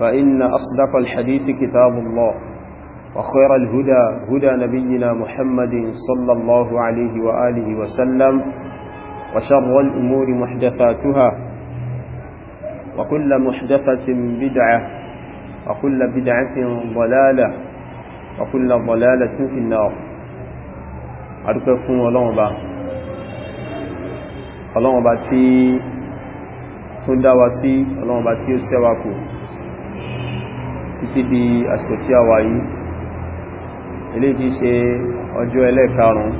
فإن أصدق الحديث كتاب الله وخير الهدى هدى نبينا محمد صلى الله عليه وآله وسلم وشر الأمور محدثاتها وكل محدثة بدعة وكل بدعة ضلالة وكل ضلالة في النار أدوكم ولنبا ولنبا تي تندوسي ولنبا تي سواكو títí bí àsìkò tí a wà yìí ilé tí ṣe ọjọ́ ẹlẹ́karùn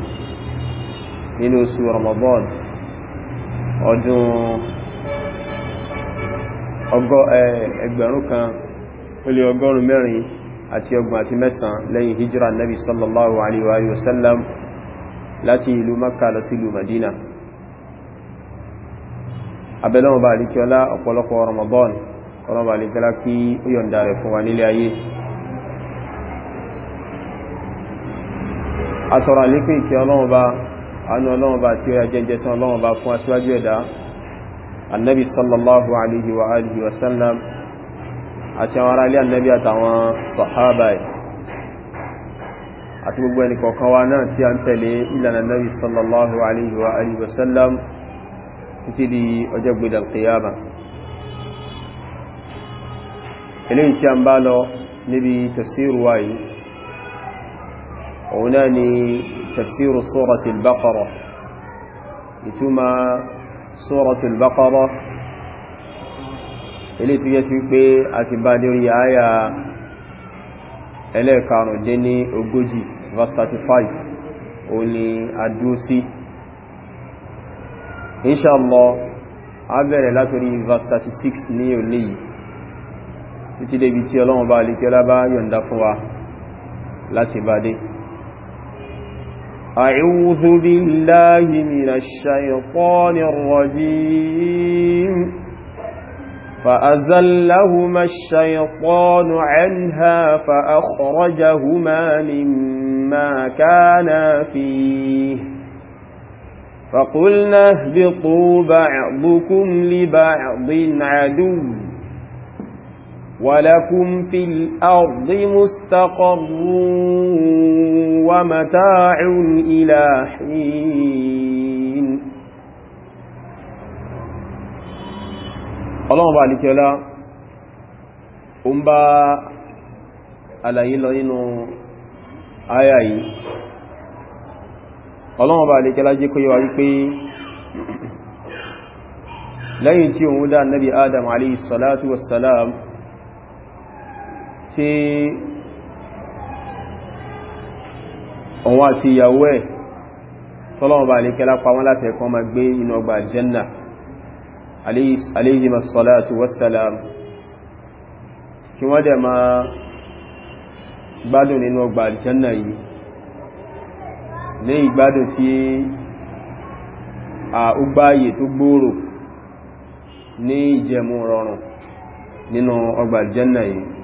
nínú oṣù Ramadan ọdún ẹgbẹ̀rún kan ó lé ọgọ́rùn mẹ́rin àti ọgbọ̀n àti mẹ́sàn lẹ́yìn hijira nabi sallallahu alaihi wasallam láti ìlú Makka lọ sí ìlú Madina abẹ́lọ́wọ́ bá àríkíọlá ọ̀pọ̀lọpọ̀ Ramadan ọlọ́ba àlejọ́lá kí ó yọ̀ǹda rẹ̀ fún wa nílé ayé asọ̀rọ̀ àlékún ìkẹ́ ọlọ́ọ̀ba anú ọlọ́ọ̀ba tí ó yà jẹ́jẹ́ tán ọlọ́ọ̀ba fún aṣíwájú ẹ̀dá annabi sallallahu alaihi wa alihi wa sallam àti àwọn ará ilé annabi àtàwọn sahabai àti gbogbo ẹni kọ̀ọ̀kan wa náà tí a ń tẹ̀lé ìlànà annabi sallallahu alaihi wa alihi wa sallam títí di ọjọ́ gbẹ̀dẹ̀ alkiyama eléyìí tí a ń bá lọ níbi tafsiru wáyé òun náà ni tafsiru suratul baqara ìtumọ̀ suratul baqara eléyìí tó yẹ sí pé a ti bá lórí àyà ẹlẹ́ẹ̀karùn-ún ní ogójì verse 35 òun ni a dúó sí inṣàlọ́ verse 36 ní òní yìí títí débi tí ọlọ́run bá kẹ́lá bá yọ̀nda fún wa láti bá dé a'udhu billahi minash shaytanir rajim فأزلهما الشيطان عنها فأخرجهما مما كانا فيه فقلنا اهبطوا بعضكم لبعض عدو ولكم في الأرض مستقر ومتاع إلى حين الله بارك لا أمبا على يلين آيائي الله بارك لا جيكو يواريكي لين تيوم دا النبي آدم عليه الصلاة والسلام tí òun àti ìyàwó ẹ̀ tọ́lọ́wọ́ bá lè kẹ́lá pa wọ́n láti ẹ̀kọ́ ma gbé inú ọgbà aljanna alayhi masalatu wassalam kí wọ́n dẹ̀ ma gbádùn nínú ọgbà aljanna yìí ní ìgbádùn tí a ó gbáyè tó gbòòrò ní ìjẹmú rọrùn nínú ọgbà yìí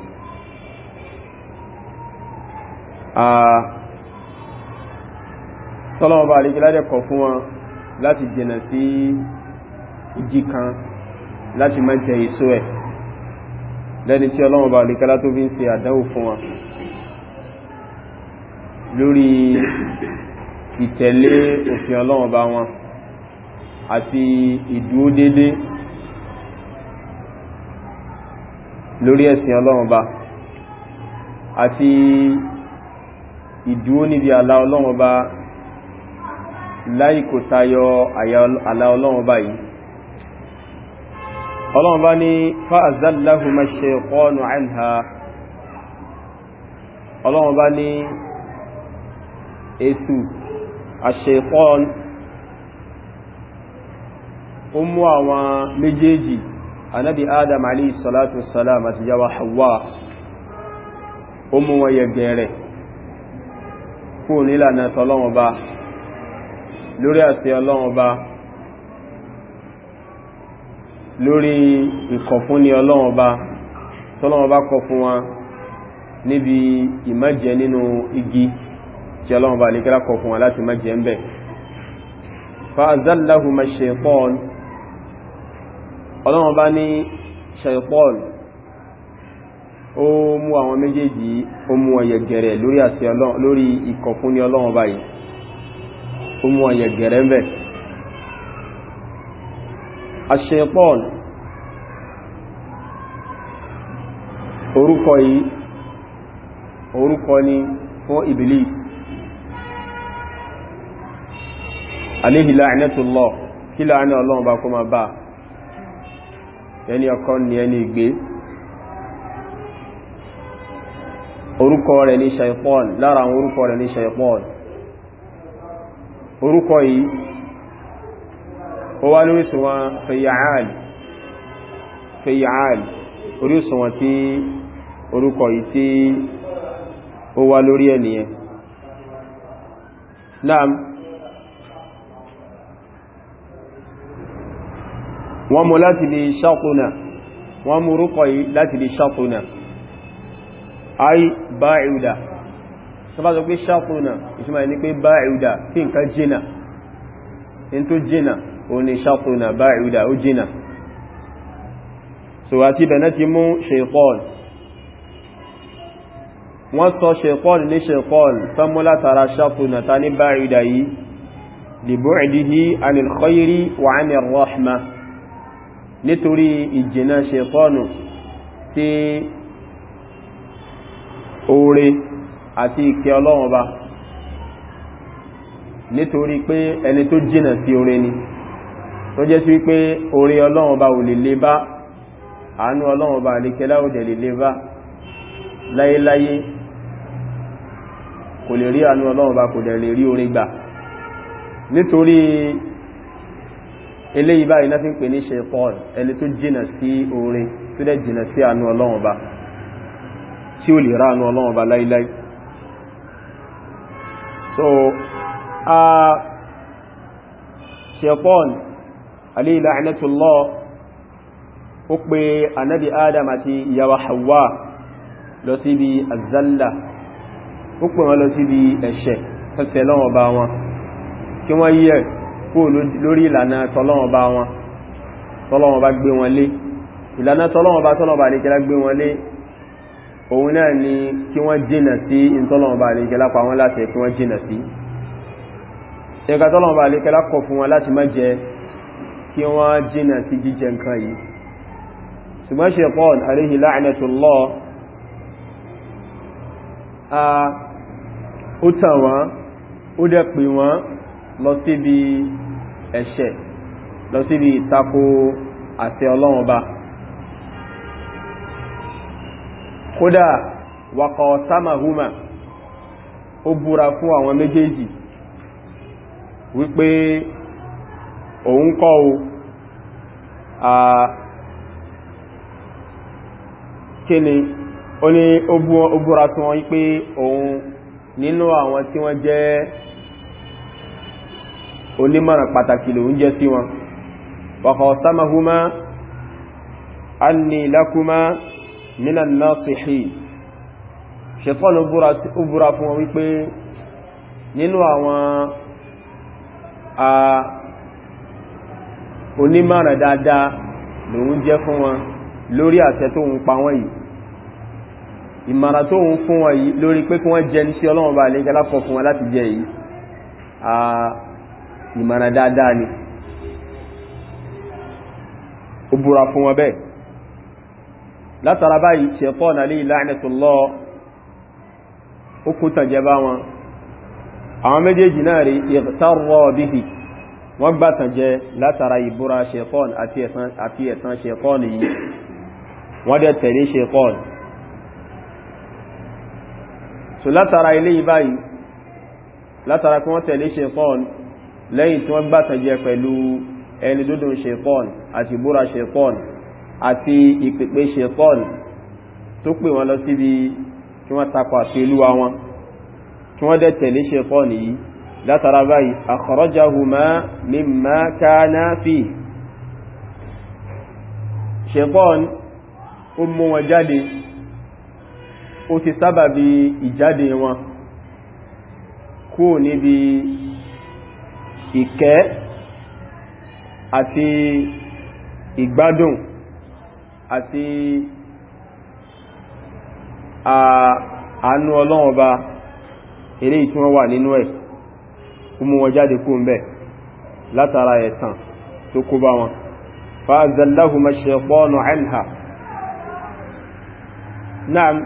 tọ́lọ́wọ́ bá àríkí láti kọ̀ fún wọn láti jìnà sí igi kan láti má jẹ èso ẹ̀ lẹ́ni tí ọlọ́wọ́ bá àríkí látó fi ń ṣe àdánwò fún wọn lórí ìtẹ̀lé òfin ọlọ́wọ́ bá wọn àti ìdúó dédé lórí ẹ̀sìn ọlọ́wọ́ bá àti ìdúró níbi àlà ọlọ́run ọba láì kò tayọ àlà ọlọ́run ọba yìí ọlọ́run bá ní fa'azallahuma shaytanu anha ọlọ́run bá ní ètù ash-shaytan ó mú àwọn méjèèjì anábi adam alayhi salatu wassalam àti yawa hawa ó mú wọn yẹ gẹ̀ẹ́rẹ̀ kúrò nílànà tọ́lọ́wọ́n bá lórí àṣẹ ọlọ́wọ́n bá lórí ìkọ̀fúnni ọlọ́wọ́n bá tọ́lọ́wọ́n bá kọ fún wọn níbi ìmájẹ nínú igi tí ọlọ́wọ́n bá níkẹ́lá kọ fún wọn láti májẹ ń bẹ̀ fa'azallahuma shaytan ọlọ́wọ́n bá ní shaytan ó mú àwọn méjèèjì ó mú ọyẹ gẹ̀rẹ̀ lórí àṣẹ ọlọ́run lórí ìkọ̀fúnni ọlọ́run báyìí ó mú ọyẹ gẹ̀rẹ̀ ń bẹ̀ àṣepọ́n orúkọ yìí orúkọ ni fún ibilis aléhi la'inatullah kí láàrin ọlọ́run bá kó ma bá ẹni ọkọ ni ẹni ìgbé orúkọ rẹ̀ ní ṣaipọ́n lára àwọn orúkọ rẹ̀ ní ṣaipọ́n orúkọ yìí ó wá lórísùn wọn fèyàáàlì fèyàáàlì orísùn wọn tí orúkọ yìí tí ó wá lórí ẹniyẹn náà wọ́n mú láti lè ṣàtúnà wọ́n mú orúkọ yìí láti lè ṣàtúnà ai ba'iuda so ba sọ pé shaquna isma ni pé ba'iuda kí nǹkan jìnà in tó jìnà ó ní shaquna ba'iuda ó jìnà so àti bẹ̀rẹ̀ ti mú shaytan wọ́n sọ shaytan ní shaytan tán mú látara ta ní ba'iuda yìí li bu'dihi oore àti ìkẹ́ ọlọ́run ọba nítorí pé ẹni tó jìnà sí oore ni tó jẹ́ sí wípé oore ọlọ́run ọba ò lè lè bá àánú ọlọ́run ọba àlékẹ́ láòdẹ̀ lè lè bá láyéláyé kò lè rí àánú ọlọ́run bá kò dẹ̀ lè rí orin gbà nítorí eléyìí báyìí náà fi ń pè ní ṣe paul ẹni tó jìnà sí orin tó dẹ̀ jìnà sí àánú ọlọ́run bá tí ó lè ránú ọlọ́run bá láíláí so a ṣepọ́n alayhi la'natullah ó pé anábi adam àti ìyàwó hawa lọ síbi azalla ó pè wọn lọ síbi ẹ̀ṣẹ̀ ẹ̀ṣẹ̀ lọ́wọ́ bá wọn kí wọ́n yíẹ̀ kó lórí ìlànà tọ́lọ́wọ́ bá wọn tọ́lọ́wọ́ bá gbé wọn lé ìlànà tọ́lọ́wọ́ bá tọ́lọ́wọ́ bá lè kẹ́lá gbé wọn lé òun náà ni kí wọ́n jìnà sí ìtọ́lọ̀mọba àríkẹ́lá pa wọ́n láti kí wọ́n jìnà sí ẹka tọ́lọ̀mọba àríkẹ́lá kọ̀ fún wọn láti má jẹ kí wọ́n jìnà sí jíjẹ nǹkan yìí ṣùgbọ́n Ṣaitan alayhi la'natullah ó tàn kódà wàkọ̀ sámàhúmà ó búra fún àwọn méjèèjì wípé òun kọ́ o kí ni ó ní ó búra sí wọn wípé òun nínú àwọn tí wọ́n jẹ́ onímọ̀ràn pàtàkì lòun jẹ́ sí wọn wàkọ̀ sámàhúmà anni lakuma minan nasihin ṣetán ó búra fún wọn wípé nínú àwọn a onímọ̀ràn dáadáa lòun jẹ́ fún wọn lórí àṣẹ tó ń pa wọ́n yìí ìmọ̀rà tó ń fún wọn yìí lórí pé kí wọ́n jẹ ní sí ọlọ́run bá lẹ́gẹ́lá kọ fún wọn láti jẹ yìí a ìmọ̀ràn dáadáa ni ó búra fún wọn bẹ́ẹ̀ látara báyìí ṣẹ̀tọ́n alayhi la'natullah ó kó tàjẹbá wọn àwọn méjèèjì náà rí ightarra bihi wọ́n gbá tàjẹ látara ìbúra ṣẹ̀tọ́n àti ẹ̀tàn ṣẹ̀tọ́n yìí wọ́n dẹ̀ tẹ̀lé ṣẹ̀tọ́n so látara ilé ìbáyìí látara kí wọ́n tẹ̀lé ṣẹ̀tọ́n lẹ́yìn tí wọ́n gbá tàjẹ pẹ̀lú ẹni dúdùn ṣẹ̀tọ́n àti ìbúra ṣẹ̀tọ́n àti ìpèpè ṣetán tó pè wọn lọ síbi kí wọ́n takọ̀ àti olúwa wọn tí wọ́n dẹ̀ tẹ̀lé ṣetán yìí látara báyìí akhrajahuma mimma kana fi ṣetán ó mú wọn jáde ó sì sábàbí ìjáde wọn kú níbi ìkẹ́ àti ìgbádùn àti àánú ọlọ́run ọba eléyìí tí wọ́n wà nínú ẹ̀ kó mú wọn jáde kó ń bẹ̀ látara ẹ̀tàn tó kó bá wọn fa'azallahuma ash-shaytanu anha na'am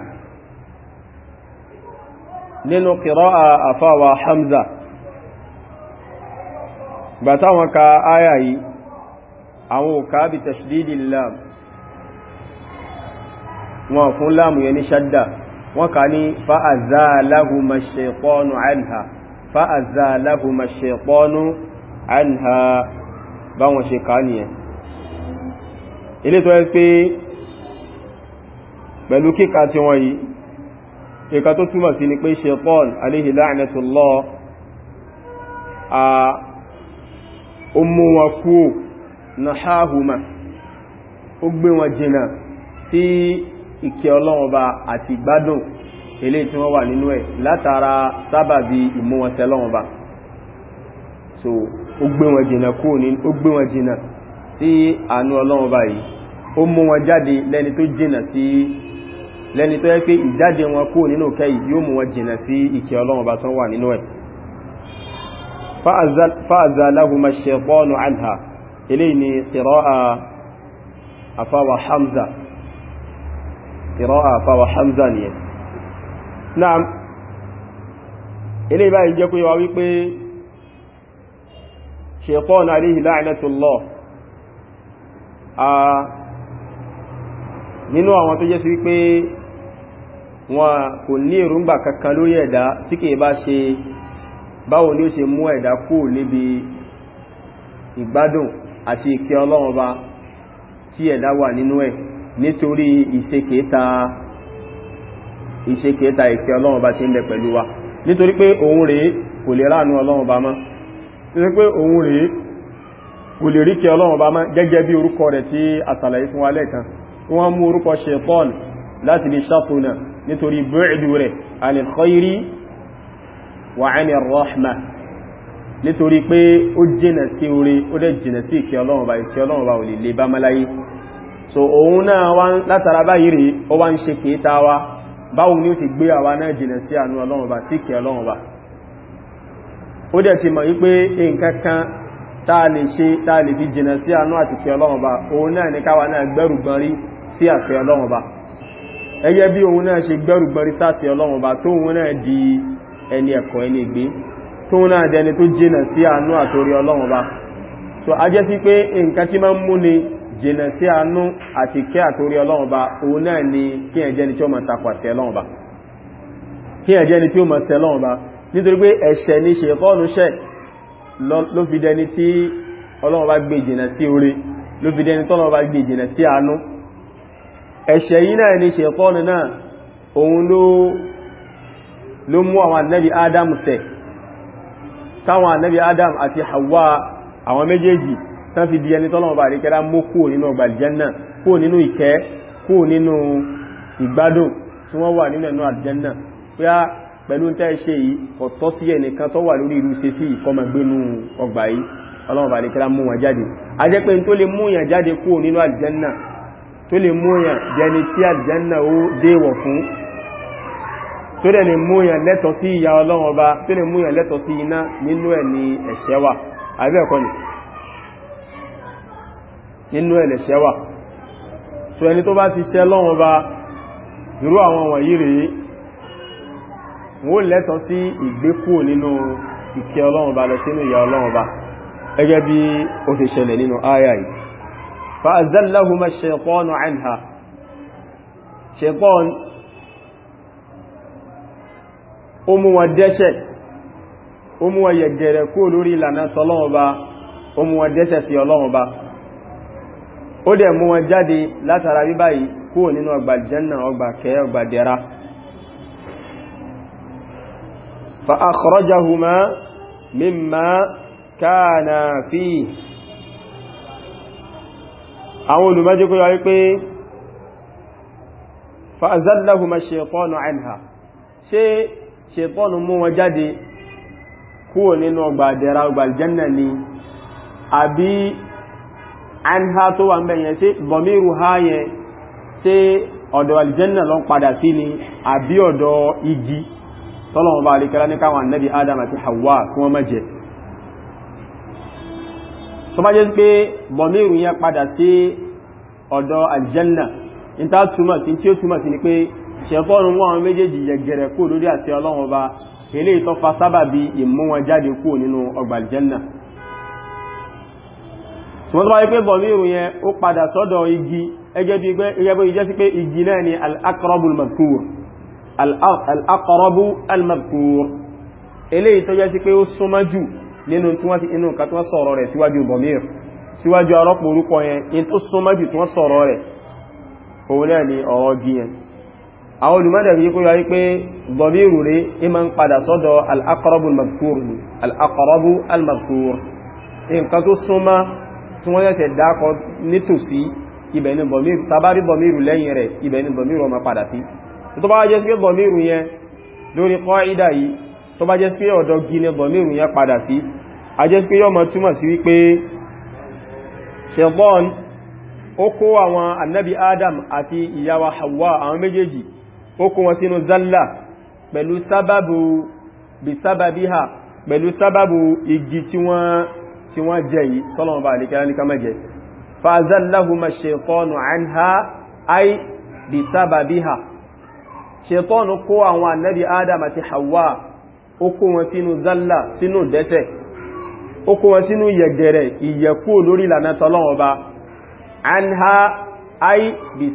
nínú qira'a àfáwà hamza bàtàwọn ka áyà yìí àwọn òkà bí tashdidil lam wọn fún láàmù yẹn ní ṣádà wọ́n ká ní fa'azalahuma shaytanu anha fa'azalahuma shaytanu anha báwọn ṣe ká ní ẹ ilé tó ẹ́ pé pẹ̀lú kíkà tí wọ́n yìí kíkà tó túmọ̀ sí ni pé shaytan alayhi la'natullah a ó mú wọn kú ó gbé wọn jìnà sí ìkẹ́ ọlọ́wọ́ba àti ìgbádùn ilé tí wọ́n wà nínú ẹ̀ látara sábàbí ìmúwọnsẹ̀ lọ́wọ́ba so ó gbé wọn jìnà kúrò ní ó gbé wọn jìnà sí àánú ọlọ́wọ́ba yìí ó mú wọn jáde lẹ́ni tó jìnà sí lẹ́ni tó yẹ pé ìjáde wọn kúrò nínú kẹ́ yìí yóò mú ìkẹ́ ọlọ́wọ́ba tó wà nínú ẹ̀ fa'azalahuma shaytanu anha ilé ni qira'a afawa hamza ìrọ́à fáwà hamza nìyẹn náà ilé ìbáyìí jẹ́ pé wá wípé na aléhì láàrínlẹ́tùlọ́ a nínú àwọn wọn kò ní èròǹgbà kankan lórí ẹ̀dá tí kìí bá ṣe báwo ni ó ṣe mú ẹ̀dá kú níbi ìgbádùn àti ìkẹ́ ọlọ́run bá tí ẹ̀dá wà nínú ẹ̀ nítorí ìṣekèéta ìṣekèéta ìfẹ́ ọlọ́run bá ti ń bẹ pẹ̀lú wa nítorí pé òun rèé kò lè ráàánú ọlọ́run bá mọ́ nítorí pé òun rèé kò lè rí kẹ ọlọ́run bá mọ́ gẹ́gẹ́ bí orúkọ rẹ̀ tí a sàlàyé fún wa lẹ́ẹ̀kan wọ́n mú orúkọ ṣẹ̀tọ́n láti lè ṣàtúnà nítorí bẹ́ẹ̀dù rẹ̀ anil khairi wa anir nítorí pé ó jìnà sí orí ó dẹ̀ jìnà sí ìkẹ́ ọlọ́run bá ìkẹ́ ọlọ́run bá ò lè lè bá mọ́ so òun náà wá látara báyìí rí ó wá ń ṣe wa ni ó sì gbé àwa náà jìnà sí àánú ọlọ́run si sí kìí ọlọ́run ó dẹ̀ ti mọ̀ wípé nǹkan kan táà lè ṣe táà lè fi jìnà sí àánú àti kìí òun náà káwa náà gbọ́nrí sí ṣe gbọ́nrí náà di ẹni ẹ̀kọ́ ẹni náà tó jìnà sí jìnà sí àánú àti kí àtórí ọlọ́run òun náà ni kí ni tí ó ni tí ó mọ̀ sẹ́ lọ́run nítorí pé ẹ̀ṣẹ̀ ni ṣèkọ́ọ̀nù ṣẹ̀ ló fi dẹni tí ọlọ́run gbé jìnà sí orí ló fi dẹni gbé ni ṣèkọ́ọ̀nù náà òun ló mú àwọn Adam Adam àti Hawa àwọn méjèèjì tán fi di ẹni tọ́lọ́wọ́ bá rí kẹ́lá mú kúrò nínú ọgbà àlìjẹ́nà kúrò nínú ìkẹ́ kúrò nínú ìgbádùn tí wọ́n wà nínú ẹ̀nà àlìjẹ́nà pé pẹ̀lú tẹ́ ṣe yìí ọ̀tọ́ sí ẹnìkan tó wà lórí irú ṣe sí ìkọmọ̀gbénú ọgbà yìí ọlọ́wọ́ bá rí kẹ́lá mú wọn jáde a jẹ́ pé tó lè múyàn jáde kúrò nínú àlìjẹ́nà tó lè múyàn jẹni tí àlìjẹ́nà ó déwọ̀ ni ẹ̀ṣẹ̀ wà àbẹ́ ẹ̀kọ́ nínú ẹ̀lẹ̀ṣẹ̀ wà so ẹni tó bá ti ṣẹ̀ lọ́wọ́n bá irú àwọn wọ̀nyí rèé wọ́n lẹ́tọ̀ọ́ sí ìgbékú nínú ìkẹ́ ọlọ́wọ́n bá lọ sínú ìyà ọlọ́wọ́n bá gẹ́gẹ́ bí ó ti ṣẹlẹ̀ nínú àyà yìí ó dẹ̀ mú wọn jáde látara bíbá yìí kúrò nínú ọgbà jẹ́nà ọgbà kẹ́ ọgbà dẹ̀ra fa akhrajahuma mimma kana fi àwọn olùmọ́jẹ́ kó yọ wípé fa azallahuma shaytanu anha ṣe shaytanu mú wọn jáde kúrò nínú ọgbà dẹ̀ra ọgbà jẹ́nà ni àbí an tó wà ń bẹ̀yẹn sí bọ̀míru ha yẹn sí ọ̀dọ̀ aljanna lọ padà sí ni àbí ọ̀dọ̀ igi tọ́lọ̀wọ̀n bá alikẹ́lá ní káwọn annabi adam àti hawa kí wọ́n mẹ́jẹ tó bá jẹ́ pé bọ̀míru yẹn padà sí ọ̀dọ̀ aljanna in ta túmọ̀ sí tí ó túmọ̀ sí ni pé wọn méjèèjì lórí àṣẹ bá eléyìí tó fa ṣùgbọ́n tó wáyé pé bọ̀míru yẹn ó padà sọ́dọ̀ igi ẹgẹ́ bí ìgbẹ́gbẹ́ ìjẹ́ sí pé igi náà ni al-aqrabul madhkur al-aqrabu al-madhkur eléyìí tó jẹ́ sí pé ó súnmọ́ jù nínú tí wọ́n ti inú nǹkan tí wọ́n sọ̀rọ̀ rẹ̀ síwájú bọ̀míru síwájú arọ́pọ̀ orúkọ yẹn in tó nǹkan tó súnmọ́ tí wọ́n yẹ́sẹ̀ dákọ nítòsí ibẹ̀ ni bọ̀míru tabari bọ̀míru lẹ́yìn rẹ̀ ibẹ̀ ni bọ̀míru ọmọ padà sí tó bá jẹ́ sí pé bọ̀míru yẹn lórí kọ́ ìdá yìí tó bá jẹ́ sí pé ọ̀dọ̀ gini bọ̀míru yẹn padà sí a jẹ́ sí pé yọ́ mọ̀ túmọ̀ sí wípé ṣẹ̀bọ́n ó kó àwọn annabi adam àti ìyàwó hawa àwọn méjèèjì ó kó wọn sínú zalla pẹ̀lú sábàbù bisababiha pẹ̀lú sábàbù igi tí wọ́n tí wọ́n jẹ yìí tọ́lọ̀wọ́n bá àdíkẹ́lá ní kama jẹ fàzallahuma ṣetọ́nù anha ay bi sababiha ṣetọ́nù kó àwọn annabi adam àti hawa ó kó wọn sínú zalla sínú dẹ́sẹ̀ ó kó wọn sínú yẹ̀gẹ̀rẹ̀ ìyẹ̀kú lórí ìlànà tọ́lọ̀wọ́n bá anha ay bi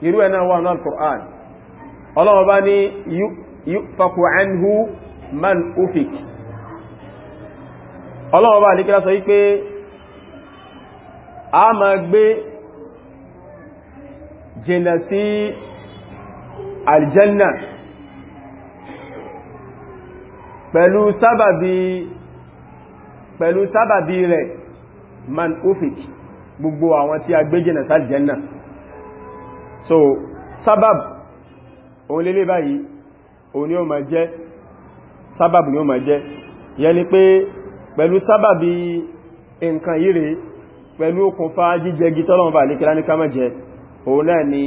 irú ẹ̀nà wà náà al-Qur'an ọlọ́wọ́ bá ní yufaku anhu man ufik ọlọ́wọ́ bá alékẹ́lá sọ wípé a ma gbé jìnà sí aljanna pẹ̀lú sábàbí pẹ̀lú sábàbí rẹ̀ man ufik gbogbo àwọn tí a gbé jìnà sí aljanna so sabab òun lélé báyìí òun ni ó ma jẹ́ sábàb ni ó ma jẹ́ yẹn ni pé pẹ̀lú sábàbí nǹkan yìí rèé pẹ̀lú okùnfà jíjẹ gítọ́lọ́wọ́n bá lékẹ́lá ní kámọ̀ jẹ òun náà ni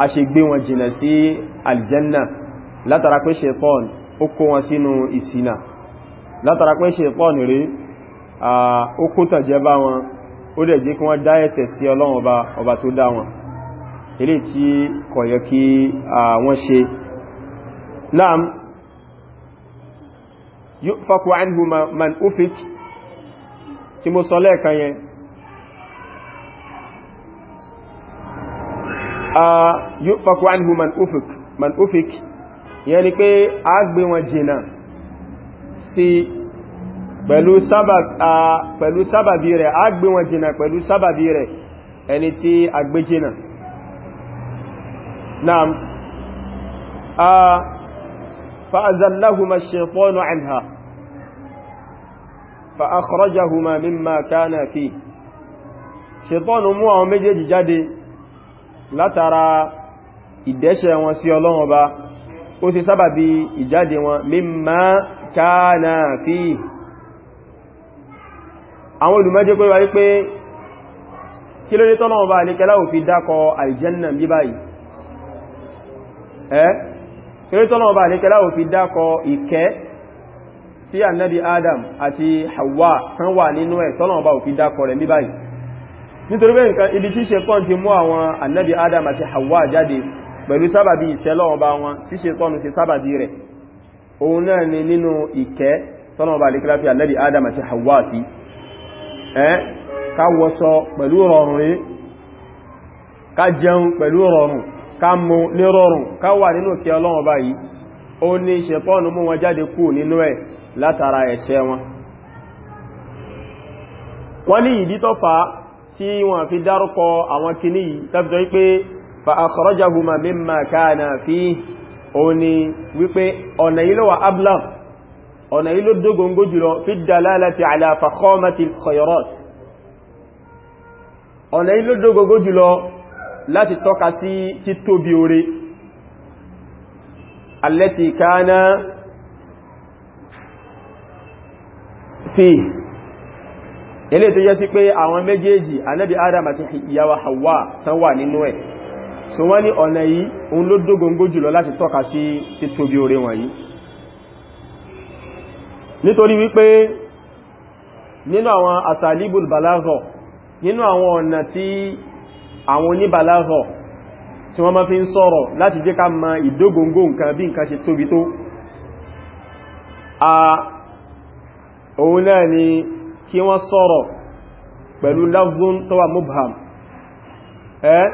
a ṣe gbé wọn jìnà sí aljanna látara pé ṣetán ó kó wọn sínú ìsìnà látara pé ṣetán rí ó kó tàjẹ bá wọn ó dẹ̀ jẹ́ kí wọ́n dá ẹ̀ṣẹ̀ sí ọlọ́run ọba ọba tó dá wọn ilé tí kò yẹ kí wọ́n ṣe naam yufaqu anhu man ufik tí mo sọ lẹ́ẹ̀kan yẹn yufaqu anhu ufik man ufik yẹn ni pé a gbé wọn jìnà sí pẹ̀lú sábàbí rẹ̀ a gbé wọn jìnà pẹ̀lú sábàbí rẹ̀ ẹni tí a gbé jìnà naam a fa'azallahuma shaytanu anha fa'akhrajahuma mimma kana fi ṣetọ́nù mú àwọn méjèèjì jáde látara ìdẹ́ṣẹ̀ wọn sí Ọlọ́run Ọba ó ti sábàbí ìjáde wọn mimma kana fi àwọn olùmọ́jẹ́ pé wáyé pé kí ló ní tọ́nà ọba àlékẹ́lá ò fi dákọ aljanna bí báyìí ẹ́ kí ló ní tọ́nà ọba àlékẹ́lá ò fi dákọ ìkẹ́ tí annabi adam àti hawa kan wà nínú ẹ̀ tọ́nà ọba ò fi dákọ rẹ̀ bí báyìí nítorí pé nǹkan ibi tí ṣetán ti mú àwọn annabi adam àti hawa jáde pẹ̀lú sábàbí ìṣẹ́lọ́ ọba wọn tí ṣetán ṣe sábàbí rẹ̀ òun náà ni nínú ìkẹ́ tọ́nà ọba àlékẹ́lá fi annabi adam àti hawa sí si. e káwọṣọ pẹ̀lú rọrùn rí ká jẹun pẹ̀lú rọrùn ká mu ní rọrùn ká wà nínú kí ọlọ́run báyìí ó ní ṣẹ̀tánù mú wọn jáde kú nínú ẹ̀ látara ẹ̀ṣẹ̀ wọn wọ́n ní ìdí tó tí wọn fi dárúkọ àwọn kìíní yìí fa fi ó ní wípé ọ̀nà wa ablam ọ̀nà yìí ló dógóngó jùlọ fi dalalati ala fakhamatil khayrat ọ̀nà yìí ló dógóngó jùlọ láti tọ́ka sí títóbi oore allati kana fi ilé tó yẹ sí pé àwọn méjèèjì anábi adam àti ìyàwó hawa tán wà nínú ẹ̀ so wọ́n ní ọ̀nà yìí òun ló dógóngó jùlọ láti tọ́ka sí títóbi oore wọ̀nyí nítorí wípé nínú àwọn asalibul balagha nínú àwọn ọ̀nà tí àwọn oníbalagha tí wọ́n máa fi ń sọ̀rọ̀ láti jẹ́ ká mọ ìdógóngó nǹkan bí nǹkan ṣe tóbi tó a òun náà ni kí wọ́n sọ̀rọ̀ pẹ̀lú lafzun tó wà mubham ẹ́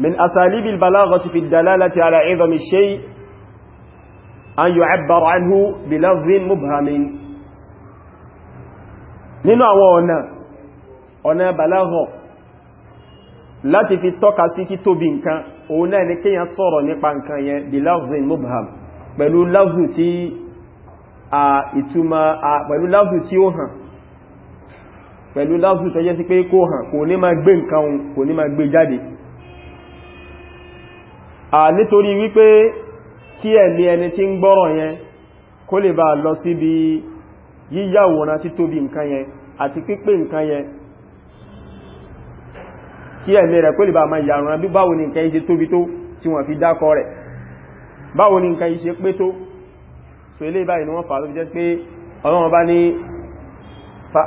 min asalibil balaghati fi dalalati ala idhami shay an yu'abbar anhu bi nínú àwọn ọ̀nà ọ̀nà balagha láti fi tọ́ka sí kí tóbi nǹkan òun náà ni kíyàn sọ̀rọ̀ nípa nǹkan yẹn bí lafzin mubham pẹ̀lú lafzu tí a ìtumọ̀ a pẹ̀lú lafzu tí ó hàn pẹ̀lú lafzu tó jẹ́ sí pé kó hàn kò ní ma gbé nǹkan òun kò ní ma gbé jáde a nítorí wípé kí ẹ̀lẹ́ ẹni tí ń gbọ́rọ̀ yẹn kó lè bá lọ síbi yíyàwòrán títóbi nǹkan yẹn àti pípé nǹkan yẹn kí ẹ̀mí rẹ̀ kó lè bá ma yàwòrán bí báwo ni nǹkan yìí ṣe tóbi tó tí wọ́n fi dákọ rẹ̀ báwo ni nǹkan yìí ṣe pé tó so ilé báyìí ni wọ́n fà ló fi jẹ́ pé ọlọ́run bá ní fa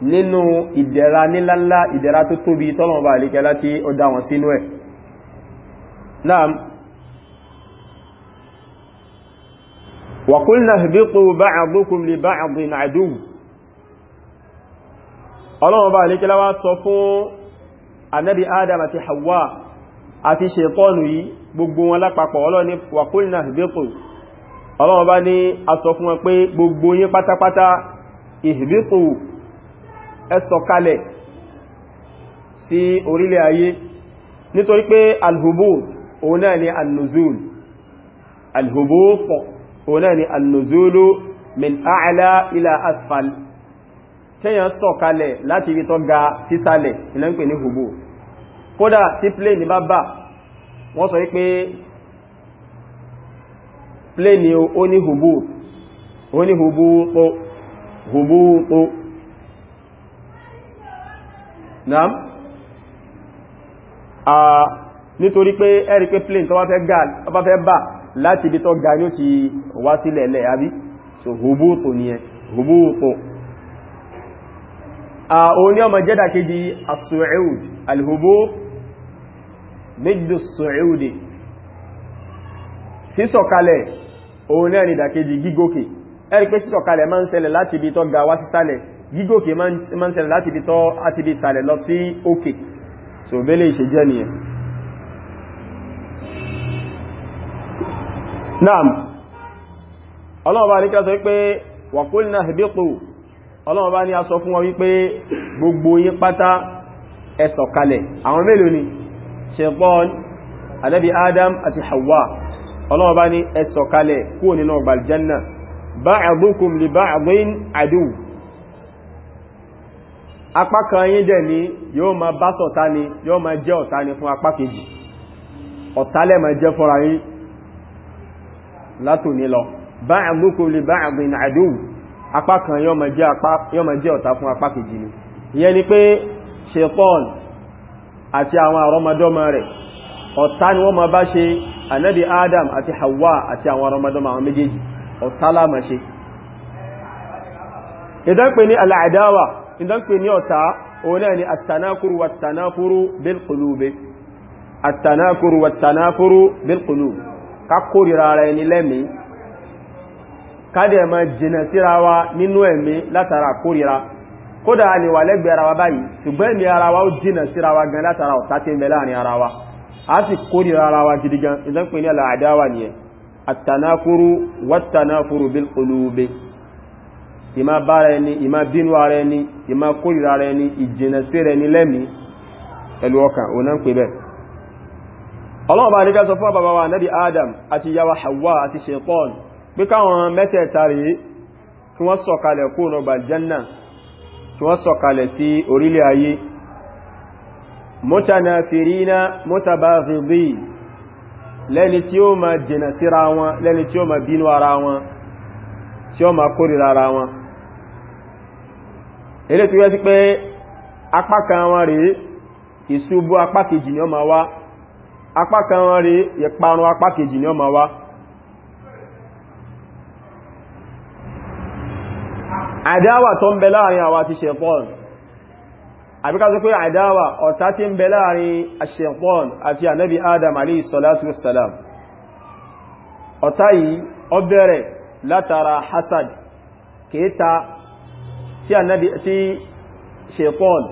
nínú ìdẹ̀ra nílálá ìdẹ̀ra tó tóbi tọ́lọ̀mọba àríkẹ́ láti ọdá wọn sínú ẹ̀ náà wàkúnnà hìbíkú ba'dukum li ba'din aduw ọlọ́mọba àríkẹ́ láwá sọ fún anábi adam àti hawa àti ṣètọ́nù yìí gbogbo wọn lápapọ̀ ọlọ́ni ẹsọ̀kalẹ̀ sí orílẹ̀ ayé nítorí pé alhubuth òun náà ni annuzul alhubuth òun náà ni annuzulu min a'la ila asfal tẹ́yàn sọ̀kalẹ̀ láti ibi tó ga sísàlẹ̀ ìlànà pè ní hubuth kódà tí plane bá bà wọ́n sọ wípé plane ó ní hubuth ó ní hubuth hubuth naam a nítorí pé ẹ̀rí pé plane tó bá fẹ́ bà láti ibi tó ga ní ó ti wá sílẹ̀ lẹ́ àbí so hubútù ni ẹ hubútù a òun ní ọmọ jẹ́dà kejì as-su'ud al-hubut méjìdó as-su'udi sísọ̀kalẹ̀ òun ní ẹ̀rìdà kejì gígókè ẹ̀rí pé sísọ̀kalẹ̀ máa ń ṣẹlẹ̀ láti ibi tó ga wá sísàlẹ̀ gígòkè máa ń ṣẹlẹ̀ láti ibi tọ́ àti ibi ìsàlẹ̀ lọ sí òkè so bẹ́lẹ̀ ìṣe jẹ́ nìyẹn naam ọlọ́ọ̀bá ní kí a sọ wípé wàkúlnà ìbíkò ọlọ́ọ̀bá ní a sọ fún wa wípé gbogbo yín pátá ẹ sọ̀kalẹ̀ àwọn mélòó ni ṣẹ̀pọ̀n alẹ́bí adam àti hawa ọlọ́ọ̀bá ní ẹ sọ̀kalẹ̀ kúrò nínú ọgbàl janna ba'dukum li ba'din adu apá kan yín dẹ̀ ní yóò máa bá sọ̀tá ni yóò máa jẹ́ ọ̀tá ni fún apá kejì ọ̀tá lẹ̀ máa jẹ́ fọ́ra yín látòní lọ ba'dukum li ba'din aduw apá kan yóò máa jẹ́ ọ̀tá fún apá kejì ni ìyẹn ni pé ṣepọ́n àti àwọn àrọmọdọ́mọ rẹ̀ ọ̀tá ni wọ́n máa bá ṣe anabi adam àti hawa àti àwọn àrọmọdọ́mọ àwọn méjèèjì ọ̀tá láàmà ṣe ìdánpẹ̀ ní al ìdánpè ní ọ̀tá òun náà ni àtànákúrú wàtànáfúrú bílkùlùbé àtànákúrú wàtànáfúrú bílkùlùbé ká kórìíra ara ẹni lẹ́mí kádẹ̀ ma jìnà síra wa nínú ẹ̀mí látara kórìíra kódà a lè wà lẹ́gbẹ̀ẹ́ ara wa báyìí ṣùgbọ́n ẹ̀mí ara wa ó jìnà síra wa gan ìmá bára ẹni ìmá bínú ara ẹni ìmá kórìíra ara ẹni ìjìnà sí rẹ̀ ní lẹ́mí ẹlú ọkàn ò náà ń pè bẹ́ẹ̀ ọlọ́run bá nígbà sọ fún bàbá wa nẹ́bí adam àti yawa hawa àti shepon pé káwọn mẹ́tẹ̀ẹ̀ta rèé kí wọ́n sọ̀kalẹ̀ kó nọgbà janna ma jìnà ara wọn ilé tó yẹ sí pé apá kan wọn rèé ìṣubú kejì ni ọ ma wá apá kan wọn rèé ìparun ni ọ ma wá àdáwà tó ń bẹ láàrin ti ṣẹ̀pọ̀n àbíká tó pé àdáwà ọ̀tá tí adam alayhi salatu ọ̀tá yìí ó bẹ̀rẹ̀ látara tí ṣetán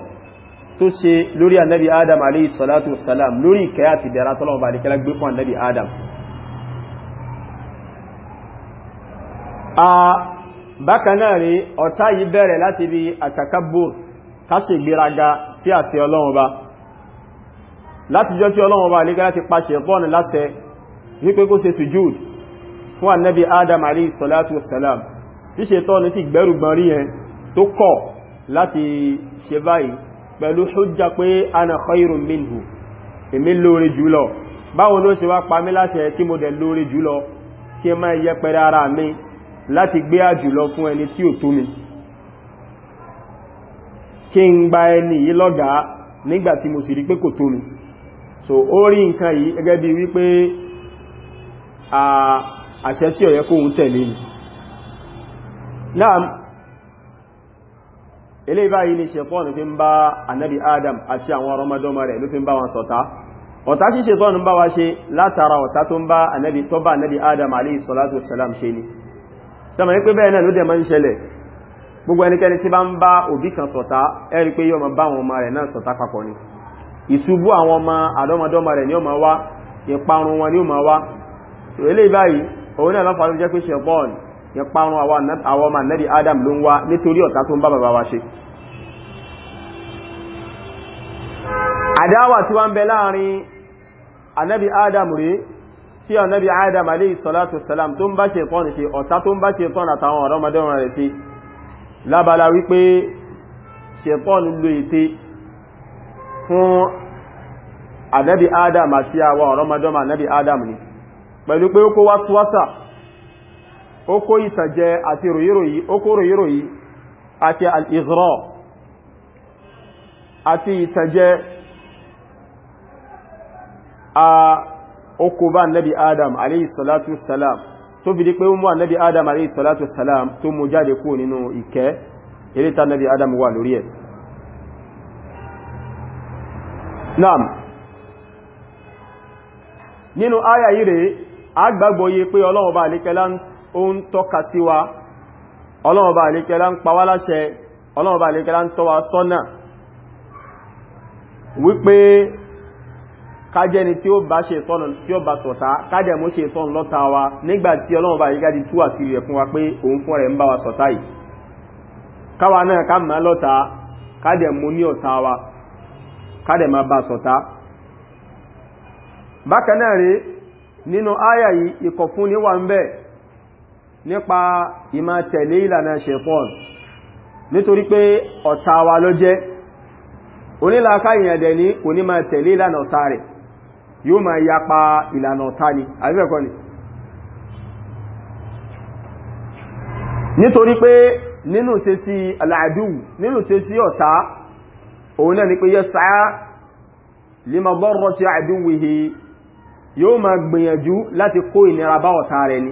tó ṣe lórí annabi adam alayhi salatu wassalam lórí ìkẹ́ àti ìdẹ̀ra tọ́lọ́wọ́ bá nìkẹ́lá gbé fún annabi adam a bákanáà rí ọ̀tá yìí bẹ̀rẹ̀ láti bí àtàkàbùr káṣe gbéraga sí àti ọlọ́wọ́ bá láti jọ tí ọlọ́wọ́ bá nìkẹ́lá ti pa ṣetán láti wípé kó ṣe sujúd fún annabi adam alayhi salatu wassalam tó kọ̀ láti ṣe báyìí pẹ̀lú hujja pé ana khairun minhu èmi lóore jùlọ báwo ló ṣe wá mo dẹ̀ lóore jùlọ kí má yẹ pẹ̀rẹ̀ ara mi láti gbé àjùlọ fún ẹni tí ò tó mi kí sì rí pé kò tó mi so ó rí nǹkan yìí gẹ́gẹ́ bí wípé àṣẹ tí ó kóhun tẹ̀lé ni naam eléyìí báyìí ni ṣètọ́nù fi ń bá anabi adam àti àwọn ọmọdọ́mọ rẹ̀ ló fi ń bá wọn ṣọ̀tá ọ̀tá tí ṣètọ́nù ń bá wa ṣe látara ọ̀tá tó ń bá anabi tó bá anabi adam alayhi salatu wasalam ṣe ni sọmọ yí pé bẹ́ẹ̀ náà ló dẹ̀ máa ń ṣẹlẹ̀ gbogbo ẹnikẹ́ni tí bá ń bá òbí kan ṣọ̀tá ẹ rí ni ìṣubú àwọn ọmọ àdọ́mọdọ́mọ ni ó máa wá ìparun wọn ni ó òun náà lọ́fà ló jẹ́ pé ṣètọ́nù ìparun àwọn ọmọ nẹ́bí adam ló ń wá nítorí ọ̀tá tó ń bá bàbá wa ṣe àdáwà tí wọ́n bẹ láàrin anẹ́bí adam rí tí anẹ́bí adam alayhi salatu wassalam tó ń bá ṣe tọ́nà ṣe ọ̀tá tó ń bá ṣe tọ́nà àtàwọn ọ̀rọ̀mọdé wọn rẹ̀ sí lábala wípé ṣètọ́nù lo ète fún anẹ́bí adam àti àwọn ọ̀rọ̀mọdé wọn anẹ́bí adam ni pẹ̀lú pé ó kó wá súwásà ó kó ìtàjẹ àti ròyíròyí ó kó ròyíròyí àti al-ighra àti ìtàjẹ a okùnbá nabi adam alayhi salatu salam tó fi di pé mú nabi adam alayhi salatu salam tó mú jáde kú nínú ìkẹ́ ìrítà nabi adam wà lórí ẹ̀ naam nínú áyà yìí pé Ọlọ́run bá ó ń tọ́ka sí wa ọlọ́run ọba àlékẹ́lá ń pa láṣẹ ọba àlékẹ́lá ń sọ́nà wípé kájẹni tí ó bá ṣe tọ́nà tí ó bá ṣọ̀tá kájẹmú ṣe tọ́nà lọ́ta wa nígbàtí ọlọ́run bá yíká di tú àṣírí rẹ̀ wa pé wa nípa ìmá tẹ̀lé ìlànà ṣẹ̀fọ́n nítorí pé ọ̀tá wa ló jẹ́ onílàáká ìyàndẹ̀ ní kò ní máa tẹ̀lé ìlànà ọ̀tá rẹ̀ yóò máa yapa ìlànà ọ̀tá ni àbíbẹ̀kọ́ ni nítorí pé nínú ṣe sí aláàdúwù nínú ṣe sí ọ̀tá òun náà ni pé yẹ sáà lè máa bọ́rọ̀ sí àdúwù yìí yóò máa gbìyànjú láti kó ìnira bá ọ̀tá rẹ̀ ni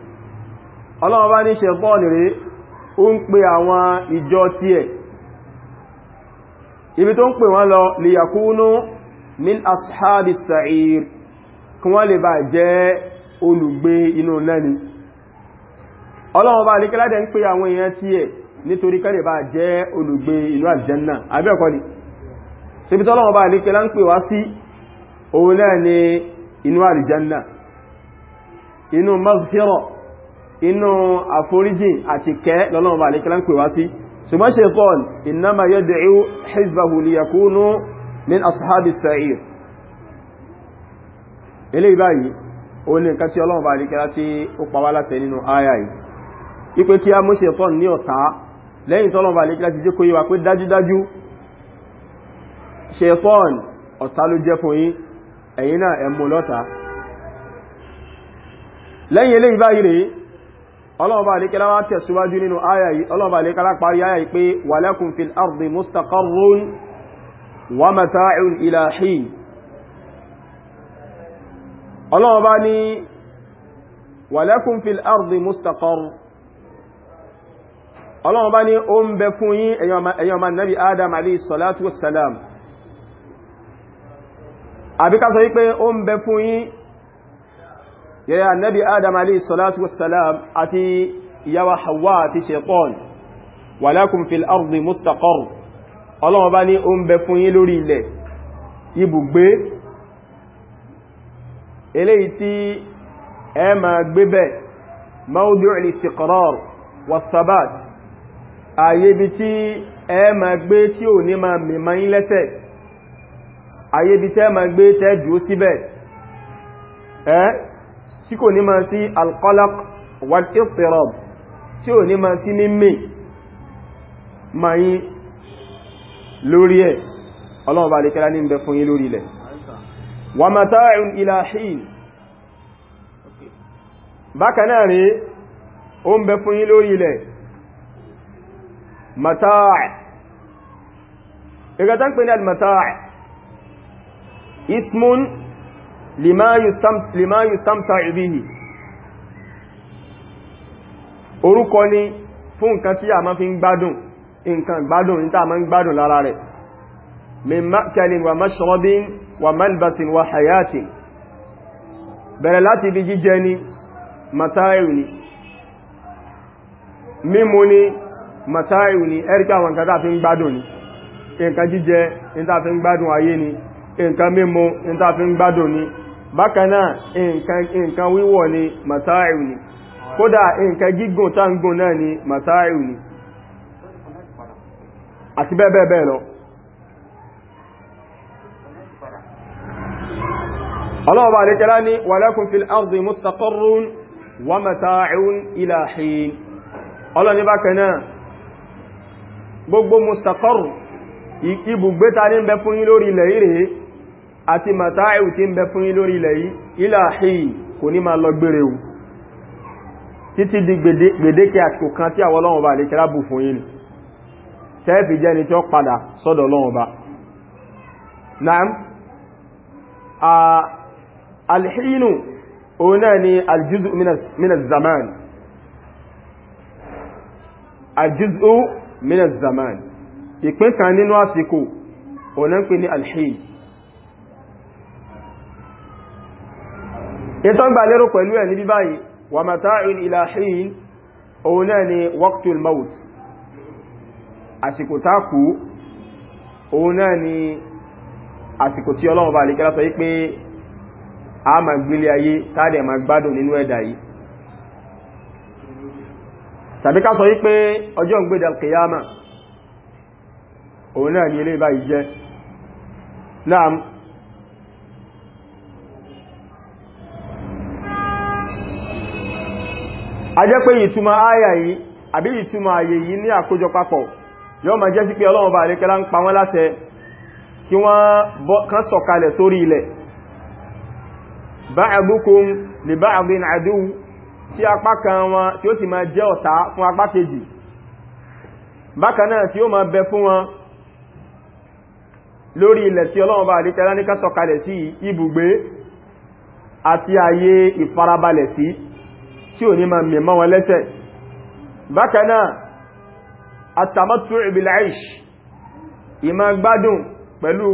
ọlọ́wọ́ bá ní ṣẹ̀tọ́ọ̀nì rí ó ń pè àwọn ìjọ tí ẹ̀ ibi tó ń pè wọ́n lọ lè yàkúnú min ashabi sa'ir kí wọ́n lè bá jẹ́ olùgbé inú lẹ́ni ọlọ́wọ́ bá níkẹ́lẹ́dẹ̀ ń pè àwọn èèyàn tí ẹ̀ nítorí kẹ́lẹ̀ bá jẹ́ olùgbé inú aljanna abẹ́ẹ̀kọ́ ni inú àforíjìn àti kẹ́ lọ́lọ́run bá àlékẹ́lá ń pè wá sí ṣùgbọ́n ṣe kọ́ọ̀l innama yad'u hizbahu liyakunu min ashabis sa'ir eléyìí báyìí ó ní nǹkan tí ọlọ́run bá àlékẹ́lá tí ó pa wá láṣẹ nínú áyà yìí ipe kí a mú ṣe kọ́ọ̀l ní ọ̀tá lẹ́yìn tọ́lọ́run bá rèé ọlọ́ọ̀bá alékẹ́lá wá tẹ̀síwájú nínú ayayi ọlọ́ọ̀bá alékẹ́lá parí ayayi pé walakum fil ardi mustaqarrun wa mata'un ila hin ọlọ́ọ̀bá ní walakum fil ardi mustaqarrun ọlọ́ọ̀bá ní ó ń bẹ fún yín ẹ̀yàn ma nabi adam alayhi salatu wassalam ó ń bẹ fún yín yẹ́ annabi adam alayhi salatu wassalam àti ìyàwó hawa àti shaitan walakum fil ardi mustaqarr ọlọ́wọ́ bá ní o ń bẹ fún yín lórí ilẹ̀ ibùgbé eléyìí tí ẹ ma gbébẹ̀ mawdu'ul istiqrar was-sabat àyèbí tí ẹ ma gbé tí ò ní ma mìmọ̀ yín lẹ́sẹ̀ àyèbí tẹ́ ma gbé tẹ́ dúó síbẹ̀ ẹ́ tí kò ní máa sí alqalaq wal ittirab tí ò ní máa sí ní mẹ́ máa yí lórí ẹ̀ ọlọ́ọ̀bá alékẹ́lá ní ìbẹ̀ fún yí lórí ilẹ̀ wa mata'un ila hin bákanáà rí ó ń bẹ fún yí lórí ilẹ̀ mata'a ìgbẹ̀ta ń mataa ismun lima yustamta'u bihi orúkọ ni fún nǹkan tí a ma fi ń gbádùn nǹkan gbádùn ní tàà ma ń gbádùn lára rẹ̀ min ma'kalin wa mashrabin wa malbasin wa hayatin bẹ̀rẹ̀ láti bí jíjẹ ni mata'iu ni mímu ni mata'iu ni ẹ̀ríkà wọn kàtà fi ń gbádùn ni nǹkan jíjẹ ní tàà fi ń gbádùn ayé ni nǹkan mímu níta fi ń gbádùn ni bákanáà nǹkan wíwọ̀ ni mata'u ni kódà nǹkan gígùn tá ń gùn náà ni mata'u ni àti bẹ́ẹ̀ bẹ́ẹ̀ lọ ọlọ́ọ̀bà àríkẹ́lá ní walakum fil ardi mustaqarrun wa mata'un ila hin ọlọ́ni bákanáà gbogbo mustaqarrun ibùgbé ta ní ń bẹ fún yín lórí ilẹ̀ ìrèé àti màtáìwù tí ń bẹ fún yín lórí ilẹ̀ yìí ìlàhì kò ní máa lọ gbére o títí di gbèdéke àsìkò kan tí àwọn ọlọ́run bá lè kẹ́lá bù fún yín tẹ́ẹ̀fì jẹ́ ni tí ó padà sọ́dọ̀ ọlọ́run bá ìpín kan nínú àsìkò òun náà ń ní alhinu ìtàn gbà lérò pẹ̀lú ẹ̀ níbi báyìí wà mata'un ila hin òun náà ni waqtul maut àsìkò tákù òun náà ni àsìkò tí Ọlọ́run bá lè kẹ́lá sọ wípé a ma gbílé ayé tàbí ma gbádùn nínú ẹ̀dà yìí sàbíká sọ wípé ọjọ́ ń a jẹ́ pé ìtumọ̀ àyà yìí àbí ìtumọ̀ àyè yìí ní àkójọ papọ̀ yóò máa jẹ́ sí pé ọlọ́run bá àríkẹ́lá ń pa wọ́n láṣẹ kí wọ́n kán sọ̀kalẹ̀ sórí ilẹ̀ ba'dukum li ba'din adu tí apá kan wọn tí ó ti máa jẹ́ ọ̀tá fún apá kejì bákan náà tí ó lórí ilẹ̀ tí ọlọ́run bá àríkẹ́lá ní kán sí ibùgbé àti àyè ìfarabalẹ̀ sí tí ò ní ma mẹ́mọ́ wọn lẹ́sẹ̀ bákanáà àtàmọ́tù ìbìláìṣ ìmá gbádùn pẹ̀lú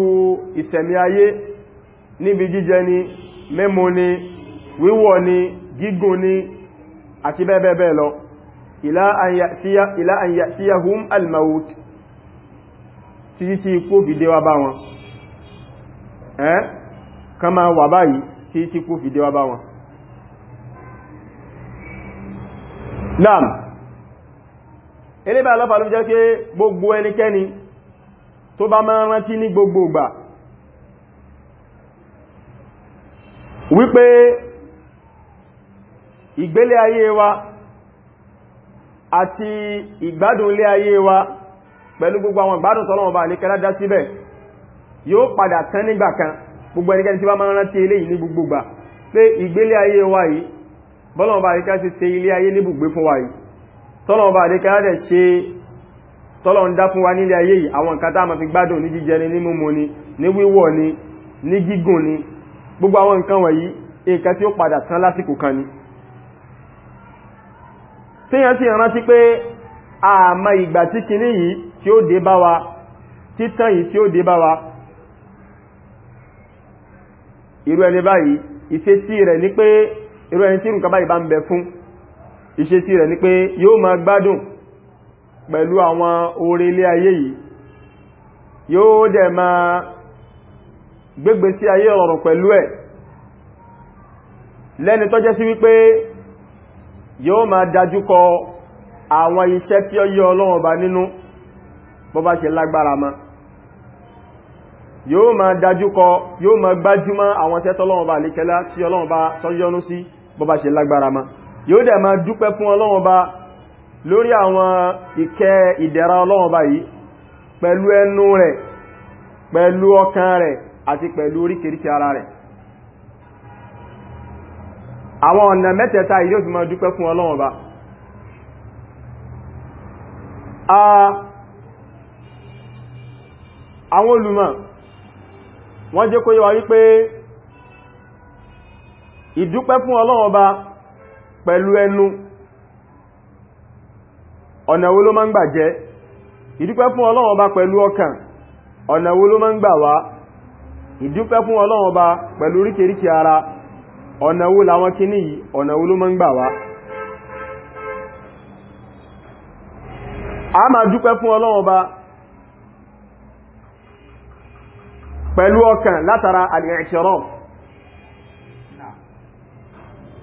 ìsẹ̀mí ayé níbi jíjẹ ni mímu ni wíwọ̀ ni gígùn ni àti bẹ́ẹ̀bẹ́ẹ̀ lọ ìlà an ya'tiyahum al-maut títí tí ikú fi dé wá bá wọn ẹ́ kama wà báyìí títí ikú fi dé wá bá wọn naam eleba lọ́pàá ló jẹ́ pé gbogbo ẹnikẹ́ni tó bá máa rántí ní gbogbo ìgbà wípé ìgbélé ayé wa àti ìgbádùn ilé ayé wa pẹ̀lú gbogbo àwọn ìgbádùn tọ́lọ́wọ́ bá níkẹ́lá dá síbẹ̀ yóò padà tán nígbà gbogbo ẹnikẹ́ni tí bá máa rántí eléyìí ní gbogbo ìgbà pé ìgbélé ayé wa yìí bọ́lọ̀wọ́ bá àríká ti ṣe ilé ayé níbùgbé fún wa yìí tọ́lọ̀wọ́ bá àríká rẹ̀ ṣe tọ́lọ̀n dá fún wa nílé ayé yìí àwọn nǹkan tá ma fi gbádùn ní jíjẹ ni ní ni ní wíwọ̀ ni ní ni gbogbo àwọn nǹkan wọ̀nyí nǹkan tí ó padà tán lásìkò kan ni pé àmà ìgbà tí yìí tí ó dé bá wa títàn yìí tí ó dé wa irú ẹni tí nǹkan báyìí bá ń bẹ fún ìṣesí rẹ̀ ni pé yóò máa gbádùn pẹ̀lú àwọn oore ilé ayé yìí yóò dẹ̀ máa gbégbé sí ayé ọ̀rọ̀ pẹ̀lú ẹ̀ lẹ́ni tọ́jẹ́ sí wípé yóò máa dájúkọ àwọn iṣẹ́ tí ó yẹ Ọlọ́run bá nínú bó bá ṣe lágbára ma yóò máa dájúkọ yóò máa gbájúmọ́ àwọn iṣẹ́ tọ́lọ́run bá lékẹ́lá tí Ọlọ́run bá tọ́jọ́nú sí bọ́bá ṣe lágbára ma yóò dẹ̀ ma dúpẹ́ fún Ọlọ́run Ọba lórí àwọn ìkẹ́ ìdẹ̀ra Ọlọ́run Ọba yìí pẹ̀lú ẹnu rẹ̀ pẹ̀lú ọkàn rẹ̀ àti pẹ̀lú oríkèríkè ara rẹ̀ àwọn ọ̀nà mẹ́tẹ̀ẹ̀ta yìí yóò fi ma dúpẹ́ fún Ọlọ́run Ọba àwọn olùmọ̀ wọ́n jẹ́ kó yé wa wípé ìdúpẹ́ fún Ọlọ́run Ọba pẹ̀lú ẹnu ọ̀nà wo ló máa ń gbà jẹ́ ìdúpẹ́ fún Ọba pẹ̀lú ọkàn ọ̀nà wo ló máa ń gbà wá ìdúpẹ́ fún Ọlọ́run Ọba pẹ̀lú oríkèríkè ara ọ̀nà wo làwọn kìíní yìí ọ̀nà wo ló máa a máa dúpẹ́ fún Ọba pẹ̀lú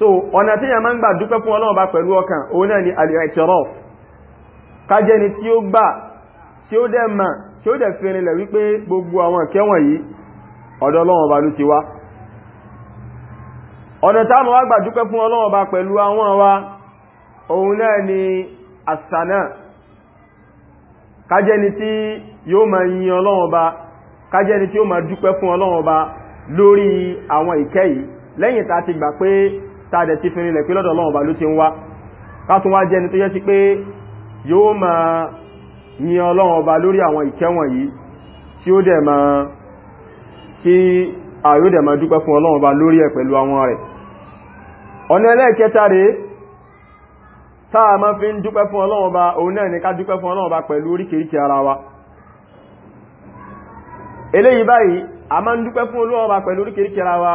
so ọ̀nà tí yàn máa ń gbà dúpẹ́ fún Ọlọ́run bá pẹ̀lú ọkàn òun náà ni al-i'tiraf kájẹni tí ó gbà tí ó dẹ̀ mà tí ó dẹ̀ fẹ́rinlẹ̀ wípé gbogbo àwọn ìkẹ́wọ̀n yìí ọ̀dọ̀ Ọlọ́run bá ló ti wá ọ̀nà tá ni asana kájẹni tí yóò máa yin Ọlọ́run bá kájẹni tí ó máa dúpẹ́ fún Ọlọ́run bá lórí àwọn ìkẹ́ yìí lẹ́yìn tá ti gbà pé tààdẹ̀ ti fi rinlẹ̀ pé lọ́dọ̀ ọba bá nwa ti ń wá látún wá jẹni tó yẹ́ sí pé yóò ma ní Ọlọ́run ọba lórí àwọn ìkẹ́ wọ̀nyí tí ó dẹ̀ ma tí àyó dẹ̀ ma dúpẹ́ fún ọba lórí ẹ̀ pẹ̀lú àwọn rẹ̀ ma fi ọba eléyìí báyìí a ń ọba pẹ̀lú wa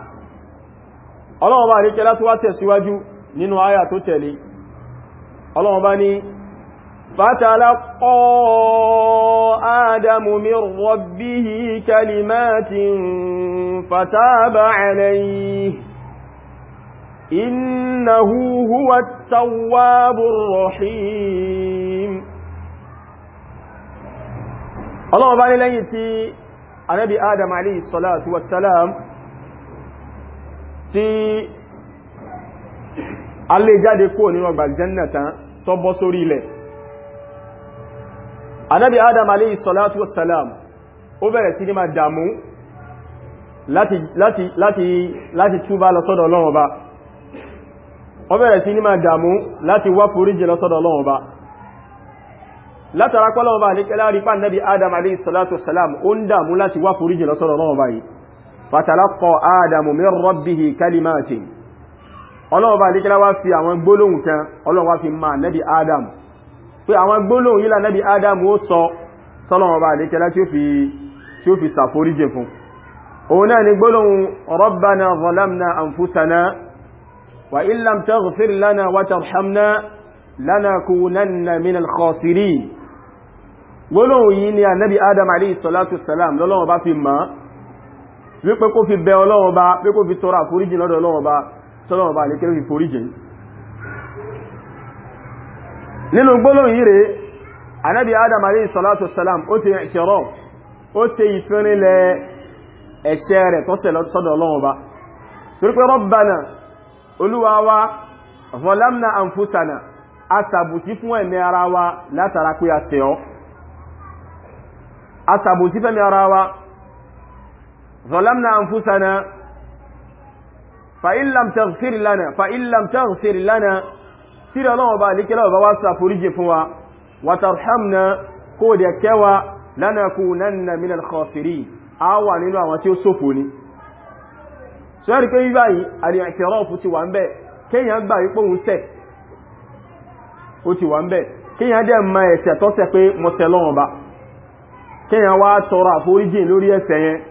ọlọ́wọ́ bá rí kẹlá tó wá tẹ̀síwájú nínú àyà tó tẹ̀lé ọlọ́wọ́ bá ní فتلقى آدم من ربه كلمات فتاب عليه إنه هو التواب الرحيم الله أبالي لن يتي النبي آدم عليه الصلاة والسلام tí alé jáde kúrò nínú ọgbà aljanna tán tó bọ́ sórí ilẹ̀ anábi adam alayhi salatu wassalam ó bẹ̀rẹ̀ sí ní dàmú láti láti láti túbá lọ́sọ́dọ̀ Ọlọ́run Ọba ó bẹ̀rẹ̀ sí ní dàmú láti wá lọ́sọ́dọ̀ látara ní adam salatu dàmú láti fatalaqqa ádámù min rabbihi kalimatin ọlọ́run bá dékẹ́lá wá fi àwọn gbólóhùn kan ọlọ́run wá fi ma nẹ́bí ádámù pé àwọn gbólóhùn yílá nẹ́bí ádámù ó sọ tọ́lọ́run bá dékẹ́lá tí ó fi sàforíjì fún òun gbólóhùn yìí ni annabi adam alayhi salatu bá fi máa wípé kó fi bẹ ọlọ́run bá pé kó fi tọrọ àforíjì lọ́dọ̀ ọlọ́run bá sọ́lọ́run bá lékẹ́lẹ́ fi foríjì nínú gbólóhùn rẹ̀ anábi adam alayhi salatu salam ó ṣe ẹ̀ṣẹ̀rọ̀ ó ṣe ìfẹ́rinlẹ̀ ẹ̀ṣẹ̀ rẹ̀ tọ́sẹ̀ lọ́sọ́dọ̀ ọlọ́run bá torí pé rọ́bàna olúwa wa vọ́lámna àǹfúsànà asàbòsí fún ẹ̀mí ara wa ظلمنا أنفسنا فإن لم تغفر لنا فإن لم تغفر لنا سير الله بالك لو بواسع فرج فوا وترحمنا كود يكوا لنكونن من الخاسرين أو أن نلوى وتيو سفوني سؤال كي باي الاعتراف تي وانبه كي ينبع يقوم سك وتي وانبه كي ينبع ما يستطيع سك مسلون با كي ينبع ترى فرج لوري سيئ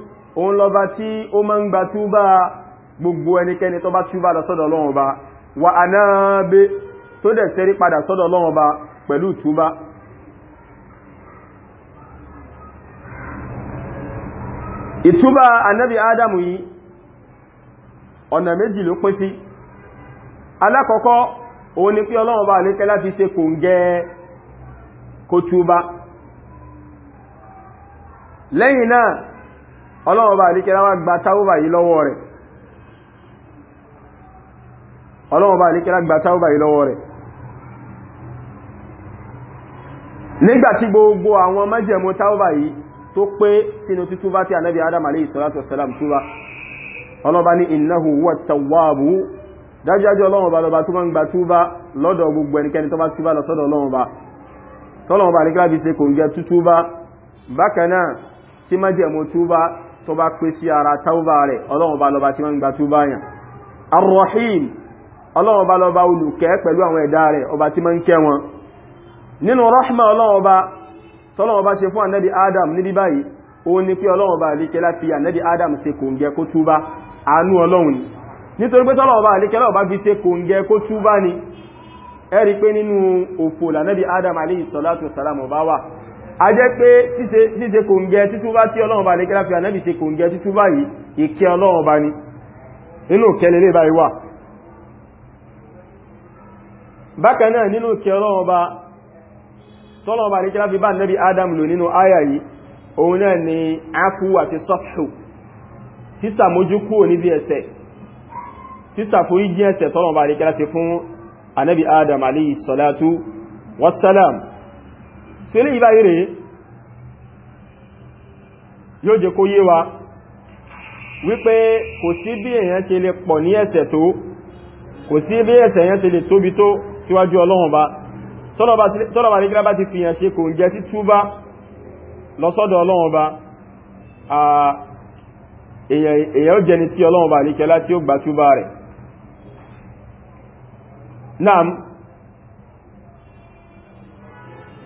òun lọba tí ó máa ń gba túbá gbogbo ẹnikẹni tó bá túbá lọ Ọba wà anáàbé tó dẹ̀ sẹ́rí padà sọ́dọ̀ Ọlọ́run Ọba pẹ̀lú túbá ìtúbá anábi Ádámù yìí ọ̀nà méjì ló pín sí alákọ̀ọ́kọ́ òun ni ọlọ́run bá àríkẹ́lá wá gba táwọ́bà yìí lọ́wọ́ rẹ̀ ọlọ́run bá àríkẹ́lá gba táwọ́bà yìí lọ́wọ́ rẹ̀ nígbàtí gbogbo àwọn májẹ̀mú táwọ́bà yìí tó pé sínú tútúbá tí anábi adam alayhi salatu wasalam túbá ọlọ́run bá ní innahu huwa tawwabu dájájọ́ ọlọ́run bá lọ́ba tó máa ń gba túbá lọ́dọ̀ gbogbo ẹnikẹ́ni tó bá túbá lọ sọ́dọ̀ ọlọ́run tó bá pé sí ara tauba rẹ̀ ọlọ́run bá lọba tí wọ́n ń gba túbá yàn arrohim ọlọ́run bá lọba olùkẹ́ pẹ̀lú àwọn ẹ̀dá rẹ̀ ọba tí máa ń kẹ́ wọn nínú rahma ọlọ́run bá tọ́lọ́run bá ṣe fún ànẹ́bí adam níbi báyìí ó ní pé ọlọ́run bá àlékẹ́ láti ànẹ́bí adam ṣe kò ń gẹ kó túbá ni nítorí pé tọ́lọ́run bá àlékẹ́ lọ́wọ́ bá fi ṣe kò ń ni ẹ rí pé adam alayhi salatu wasalam ọba wà a jẹ́ pé ṣíṣe kò ń gẹ títúbá tí ọlọ́run bá lè kẹ́lá fi ànábì ṣe kò ń gẹ títúbá yìí ìkẹ́ ọlọ́run bá ní nínú kẹlẹ̀ lè báyìí wà bákan náà nínú kẹ ọlọ́run bá tọ́lọ́run bá lè kẹ́lá fi bá ànábì Adam lò nínú áyà yìí òun náà ni afu àti sọ́fù sísàmójú kúrò níbi ẹ̀ṣẹ̀ sísàforí jí ẹ̀ṣẹ̀ tọ́lọ́run bá lè kẹ́lá fi fún ànábì Adam alayhi salatu wassalam so ilé ìbáyé rẹ̀ yóò jẹ kó yé wa wípé kò sí bí èyàn ṣe lè pọ̀ ní ẹ̀ṣẹ̀ tó kò sí bí ẹ̀ṣẹ̀ yẹn ṣe lè tóbi tó síwájú ọlọ́run ba tọ́lọ̀bà ní gírábá ti fìyàn ṣe kò ń jẹ sí túbá lọ́sọ́dọ̀ ọlọ́run ba èyàn jẹni tí ọlọ́run ba ní kẹlá tí ó gbà túbá rẹ̀ naam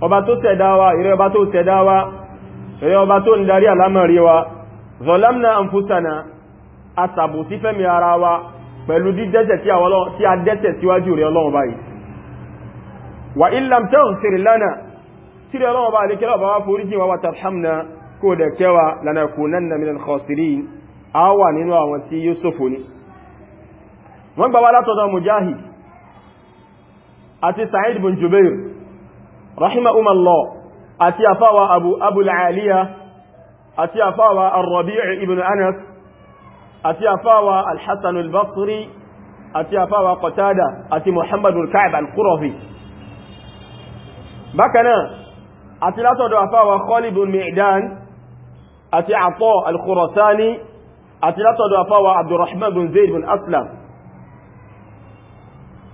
ọba tó ṣẹ̀dá wa ìrẹ ọba tó ṣẹ̀dá wa ìrẹ ọba tó ń darí àlámọ̀rí wa zọlámnà àǹfúsànà asàbò sí fẹ́mi ara wa pẹ̀lú dídẹ́tẹ̀ tí a dẹ́tẹ̀ síwájú rẹ ọlọ́run báyìí wà illam taghfir lana tí rẹ ọlọ́run bá lékẹ́lọ́ bá wá foríjì wa watarhamna kó àti sa'id bin jubair رحمه الله أتي أفاوى أبو, أبو العالية أتي أفاوى الربيع ابن أنس أتي أفاوى الحسن البصري أتي أفاوى قتادة أتي محمد الكعب القرفي بكنا نعم. أتي لا تدو أفاوى خالد المعدان أتي عطاء الخرساني أتي لا تدو أفاوى عبد الرحمن بن زيد بن أسلم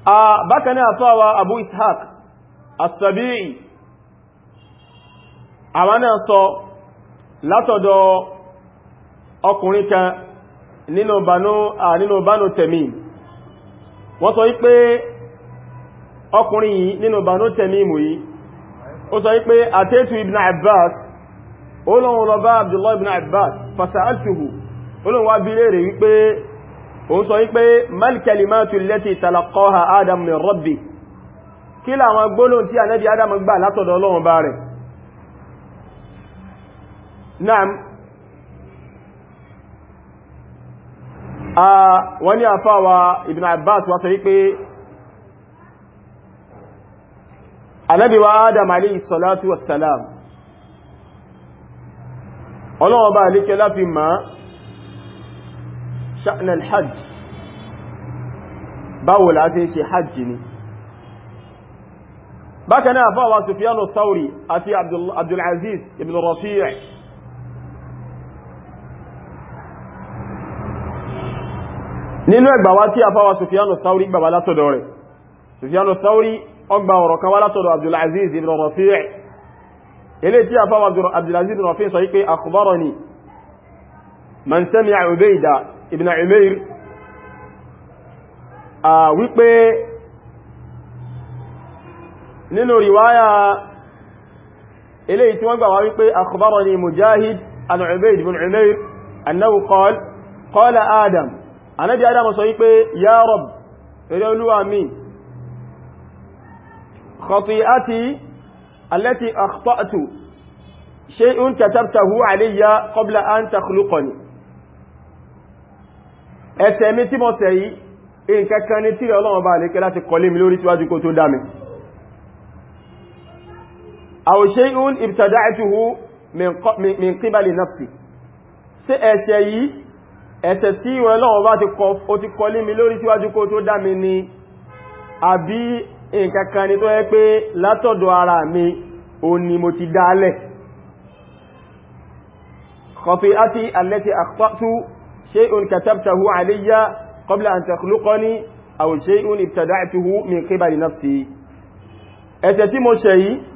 آه، بكنا نعم أفاوى أبو إسحاق as-sabi'i àwọn náà sọ látọ̀dọ̀ ọkùnrin kan nínú bánú nínú bánú Tamim wọ́n sọ wípé ọkùnrin yìí nínú bánú mú yìí ó sọ wípé àtẹ́tù ibn Abbas olóhun lọ bá ibn Abbas fasa'altuhu olóhun wá bí léèrè wípé ó sọ wípé mal kalimatu allati Adam kí làwọn gbólóhùn tí ànábì adam gbà látọ̀dọ̀ ọlọ́run bá rẹ̀ naam wọ́n ní àfáwà ibn abbas wá sọ wípé ànábì wa adam alayhi salatu wassalam ọlọ́run bá alékẹ́ láfi ma sha'nal hajj báwo láti ṣe hajji ni bákanáà fáwọn Sufyanu Thawri àti Abdulaziz ibn Rafi' nínú ẹgbàwá tí a fáwọn Sufyanu Thawri gbàwá látọ̀dọ̀ rẹ̀ Sufyanu Thawri ọgbà ọ̀rọ̀ kan wá látọ̀dọ̀ Abdulaziz ibn Rafi' ilé tí a fáwọn Abdulaziz ibn Rafi' sọ wípé akhbarani man sami'a Ubayda ibn Umayr nínú riwaya eléyìí tí wọ́n gbà wá wípé akhbarani mujahid an ubayd ibn umair annahu qala qala adam anabi adam sọ wípé ya rab eré olúwa mi khati'ati allati akhta'tu shay'un katabtahu alayya qabla an takhluqani ẹ̀ṣẹ̀ mi tí mo ṣẹ̀ yìí nǹkan kan ni tí Ọlọ́run bá lè kẹ́ láti kọlé mi lórí síwájú kó tó dá mi aw shay'un ibtada'tuhu min qibali nafsi ṣe ẹ̀ṣẹ̀ yìí ẹ̀ṣẹ̀ tí ìwọ̀n Ọlọ́run bá ti kọ lé mi lórí síwájú kó tó dá mi ni àbí nǹkankan ni tó yẹ pé látọ̀dọ̀ ara mi ò ní mo ti dálẹ̀ ẹ̀ṣẹ̀ tí mo ṣẹ̀ yìí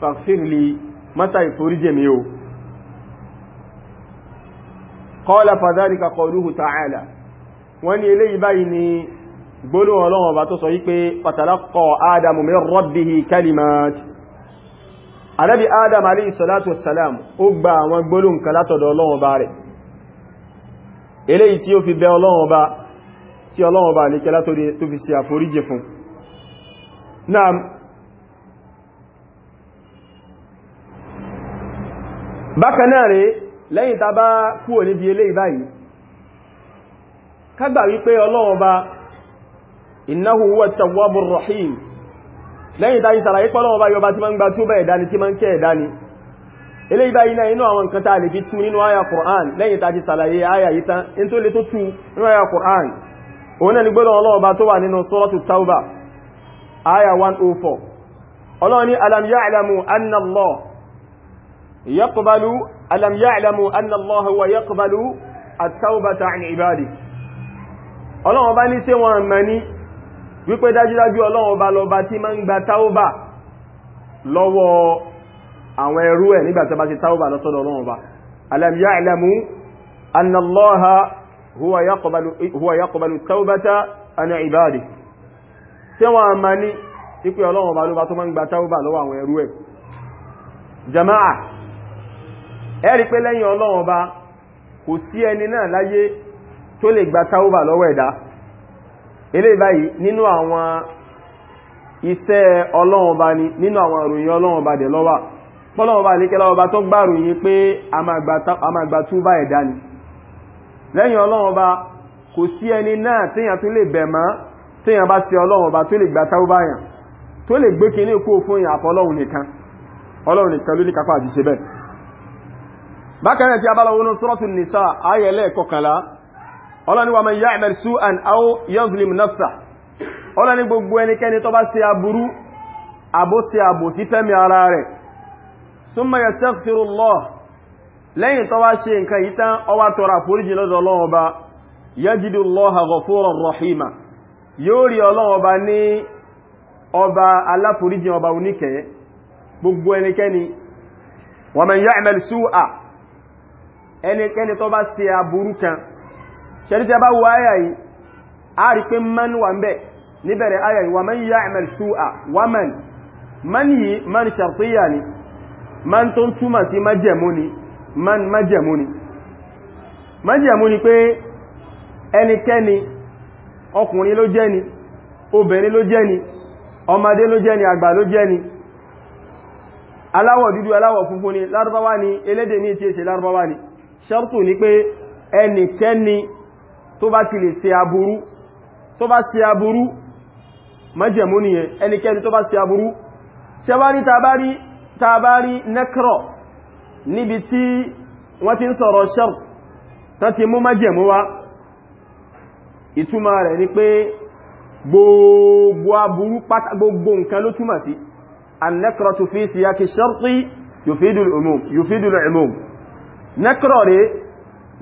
fàfíìlì mọ́sá ìforíjẹ̀ mi o qala fadhalika qawluhu ta'ala wọ́n ni eléyìí báyìí ni gbóló ọlọ́wọ̀n bá tó sọ yí pé fatalaqa ádámù min rabbihi kalimat anábi ádám alayhi salatu wassalam ó gba àwọn gbóló nǹkan látọ̀dọ̀ ọlọ́wọ̀n bá rẹ̀ baka náà rẹ̀ lẹ́yìn ta bá kúrò níbi eléyìí báyìí ká gbà wípé Ọlọ́run Ọba innahu huwa rahim lẹ́yìn tá ìsàlàyé pé Ọlọ́run Ọba yọba tí ma ń gba túbà ẹ̀dá ni tí ma ń kẹ́ ẹ̀dá ni eléyìí báyìí náà inú àwọn a lè fi tún in tó lè tó يقبل ألم يعلموا أن الله هو يقبل التوبة عن عباده ọlọ́run ọba ní ṣe wọn mọ̀ ní wípé dájúdájú ọlọ́run ọba lọba tí ma ń gba táúbà lọ́wọ́ àwọn ẹrú ẹ̀ nígbàtí ọba ti táúbà lọ́sọ́dọ̀ ọlọ́run ọba alam ya'lamu anna Allaha huwa yaqbalu táúbàtà an ibadihi ṣe wọn mọ̀ ẹ̀rí pé lẹ́yìn ọlọ́run ọba kò sí ẹni náà láyé tó lè gba táúbà lọ́wọ́ ẹ̀dá eléyìí báyìí nínú àwọn iṣẹ́ ọlọ́run ọba ni nínú àwọn ìròyìn ọlọ́run ọba dẹ̀ lọ́wà tó ni lẹ́yìn ọlọ́run ọba kò sí ẹni náà téèyàn tó lè bẹ̀ mọ́ téèyàn bá sí ọlọ́run ọba tó lè gba táúbà yàn tó lè gbé kinní kó fún yàn àfọlọ́run nìkan ọlọ́run nìkan ló ní kápá àti ṣe bẹ́ẹ̀ bákanáà tí a bá lọ wọnú suratul nisa ayẹlẹ́ kọkànlá ọlọ́ni wa man ya'mal su'an aw yazlim nafsa ọlọ́ni gbogbo ẹnikẹ́ni tó bá ṣe aburú àbóṣe àbòsí fẹ́mi ara rẹ̀ summa yastaghfirullah lẹ́yìn tó bá ṣe nǹkan yìí ẹnikẹ́ni tó bá ṣe aburú kan ṣẹ́rítí a bá wo àyà yìí a rí pé man wà ń bẹ̀ níbẹ̀rẹ̀ àyà yìí wà man ya'mal su'a wà man man yìí man shartiyya ni man tó ń túmọ̀ sí májẹ̀mú ni man májẹ̀mú ni májẹ̀mú ni pé ẹnikẹ́ni ọkùnrin ló jẹ́ ni obìnrin ló jẹ́ ni ọmọdé ló jẹ́ ni àgbà ló jẹ́ ni aláwọ̀ dúdú aláwọ̀ funfun ni lárúbáwá ni elédè ní ìṣẹ́ṣẹ́ lárúbáwá ni ṣẹ́rùtù ní pé ẹnikẹ́ni tó bá ti lè ṣe aburú tó bá ṣe aburú májẹ̀mú nìyẹn ẹnikẹ́ni tó bá ṣe aburú ṣe wá rí tàbárí tàbárí nẹ́kọ̀rọ̀ níbi tí wọ́n ti ń sọ̀rọ̀ ṣẹ́rùtù tán ti mú májẹ̀mú wá ìtumọ̀ rẹ̀ ni pé gbogbo aburú pátá gbogbo nǹkan ló túmọ̀ sí annẹ́kọ̀rọ̀ tó fi síyá kí ṣẹ́rùtù yóò nẹ́kọ̀rọ̀ rẹ̀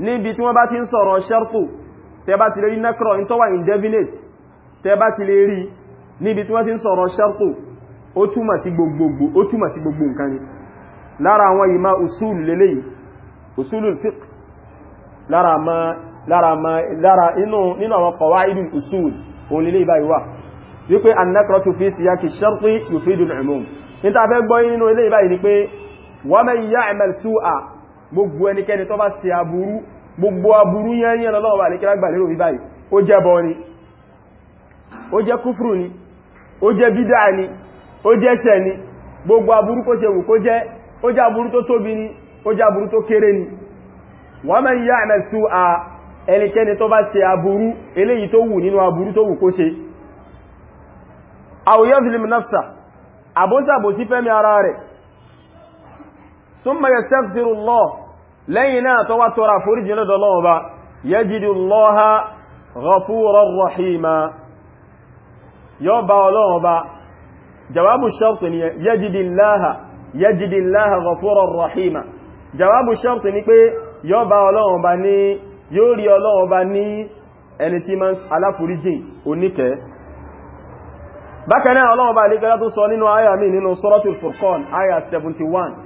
níbi tí wọ́n bá ti ń sọ̀rọ̀ ṣẹ́rfù tẹ bá ti lè rí nẹ́kọ̀rọ̀ in tó wà indefinite tẹ bá ti lè rí níbi tí wọ́n ti ń sọ̀rọ̀ ṣẹ́rfù ó túmọ̀ sí gbogbogbò ó gbogbo nǹkan ni lára àwọn ìmá ma lára ma lára inú nínú àwọn qawaidul usul òun lélẹ́yìí báyìí wà wípé an-nakratu fi siyaqi ash-sharti yufidu al-umum níta fẹ́ gbọ́ nínú eléyìí báyìí ni pé wa man ya'mal su'a gbogbo ẹnikẹ́ni tó bá aburu aburú gbogbo aburú yẹnyẹn lọ́wọ́ àlékẹ́lá gbà lérò bíbáyìí ó jẹ́ bọ́ ni ó jẹ́ ni ó jẹ́ bídá ni ó jẹ́ ṣẹ̀ ni gbogbo aburú kó ṣe wù kó jẹ́ ni ó jẹ́ to tó ni wa man aburu eleyi to wu ثم يستغفر الله لينا توتر فرج لدلوبا يجد الله غفورا رحيما يوبا ولوبا جواب الشرط يجد الله يجد الله غفورا رحيما جواب الشرط ni pé يوبا ولوبا ni yori ولوبا ni ẹni tí máa aláforíjìn oníkẹ́ bákanáà ọlọ́wọ́ bá lè gẹ́lá tó sọ nínú àyà nínú suratul furqan àyà 71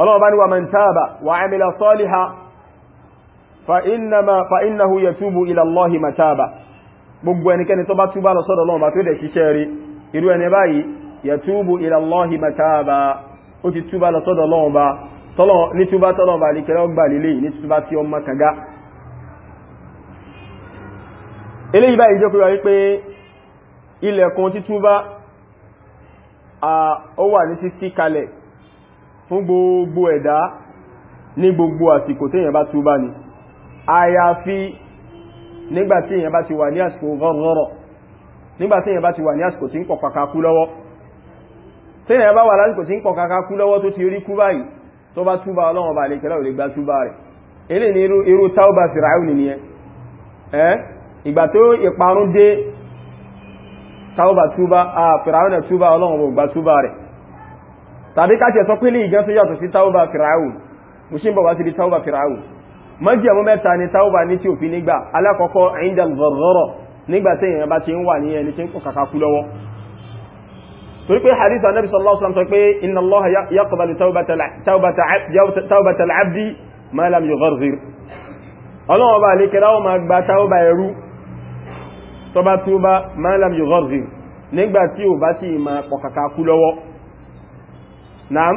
ọlọ́wọ́ bá ní wa man tábà wa amila sọ́líha fa innahu yatubu ila Allahi mataba gbogbo ẹnikẹ́ni tó bá túbá lọ sọ́dọ̀ Ọlọ́run bá tó dẹ̀ ṣiṣẹ́ rí irú ẹni báyìí yatubu ila Allahi mataba ó ti túbá lọ sọ́dọ̀ Ọlọ́run bá ní túbá tọ́lọ́run bá líkẹ́lẹ́ ọgbà lílé fún gbogbo ẹ̀dá ní gbogbo àsìkò téèyàn bá túbá ni àyàfi nígbàtí èèyàn bá ti wà ní àsìkò gọ́rọ̀rọ̀ nígbàtí èèyàn bá ti wà ní àsìkò tí ń pọ̀kàkà lọ́wọ́ tí èèyàn bá wà lásìkò tí ń pọ̀kàkà lọ́wọ́ tó ti rí kú báyìí tó bá túbá ọlọ́wọ́ tàbí káti ẹ̀sọ pílì ìgán tó yàtọ̀ sí tauba fìràáù musin bọ̀ wá ti di tauba fìràáù mọ́jì ẹ̀mú mẹ́ta ni tauba ní tí ò fi nígbà alákọ̀ọ́kọ́ indal gharghara nígbà tí èèyàn bá ti ń wà ní ẹni tí ń kọ̀ kàkà kú lọ́wọ́ torí pé hadith anabi sallallahu alaihi wasallam sọ pé inna allah yaqbalu taubata al-abdi ma lam kú lọ́wọ́ naam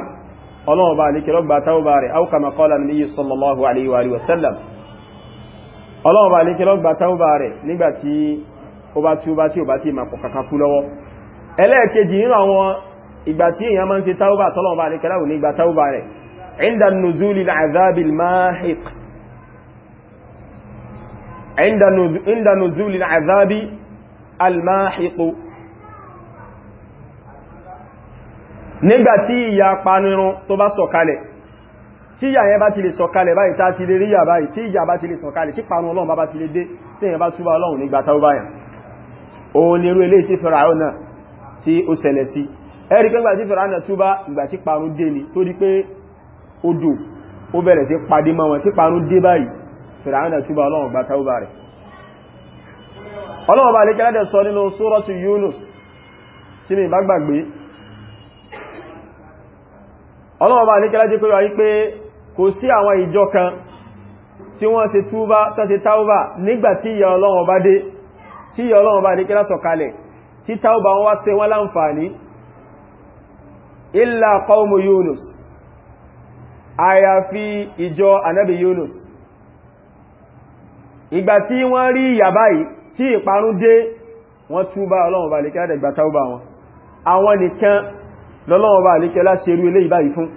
ọlọ́wọ́ bá alékẹ́ lọ́gbà tàúbà rẹ̀ aw kama qala nabiyyu sallallahu alaihi wa sallam ọlọ́wọ́ bá alékẹ́ lọ́gbà tàúbà rẹ̀ nígbàtí ó bá tí ó bá tí ó bá tí ma kọ̀kàkà kú lọ́wọ́ ẹlẹ́ẹ̀kejì nínú àwọn ìgbà tí èèyàn máa ń ṣe tàúbà tọ́lọ́wọ́ bá alékẹ́ láwù nígbà tàúbà rẹ̀ inda nuzuli al-azabi al-mahiq inda nuzuli al-azabi al-mahiq nígbàtí ìyà panirun tó bá sọ̀kalẹ̀ tí ìyà yẹn bá ti lè sọ̀kalẹ̀ báyìí tá ti lè rí ìyà báyìí tí ìyà bá ti lè sọ̀kalẹ̀ tí panun ọlọ́run bá ti lè dé tí èyàn bá túbá ọlọ́run nígbà tá ó báyàn òun ni irú eléyìí tí Fáráò náà tí ó ṣẹlẹ̀ sí ẹ̀rí pé ìgbà tí Fáráò náà túbá ìgbà tí parun dé ni torí pé odò ó bẹ̀rẹ̀ sí pàdé mọ́ wọn tí parun dé báyìí Fáráò náà túbá ọlọ́run gbà tá ó bá rẹ̀ ọlọ́run bá lè kẹ́lẹ́dẹ̀ sọ nínú Suratu Yunus sí mi bá gbàgbé ọlọ́wọ́ bá níkẹ́lá jẹ́ pẹ́lú wípé kò sí àwọn ìjọ kan tí wọ́n ṣe túbá tàti táúbà nígbà tí ìyà ọlọ́wọ́ bá dé tí ìyà ọlọ́wọ́ bá níkẹ́lá sọ̀kalẹ̀ tí táúbà wọ́n wá ṣe wọ́n láǹfààní illa qawmu Yunus àyàfi ìjọ anábì Yunus ìgbà tí wọ́n rí ìyà báyìí tí ìparun dé wọ́n túbá ọlọ́wọ́ bá lọ́lọ́wọ́ bá àlékẹ́ lá ṣerú eléyìí báyìí fún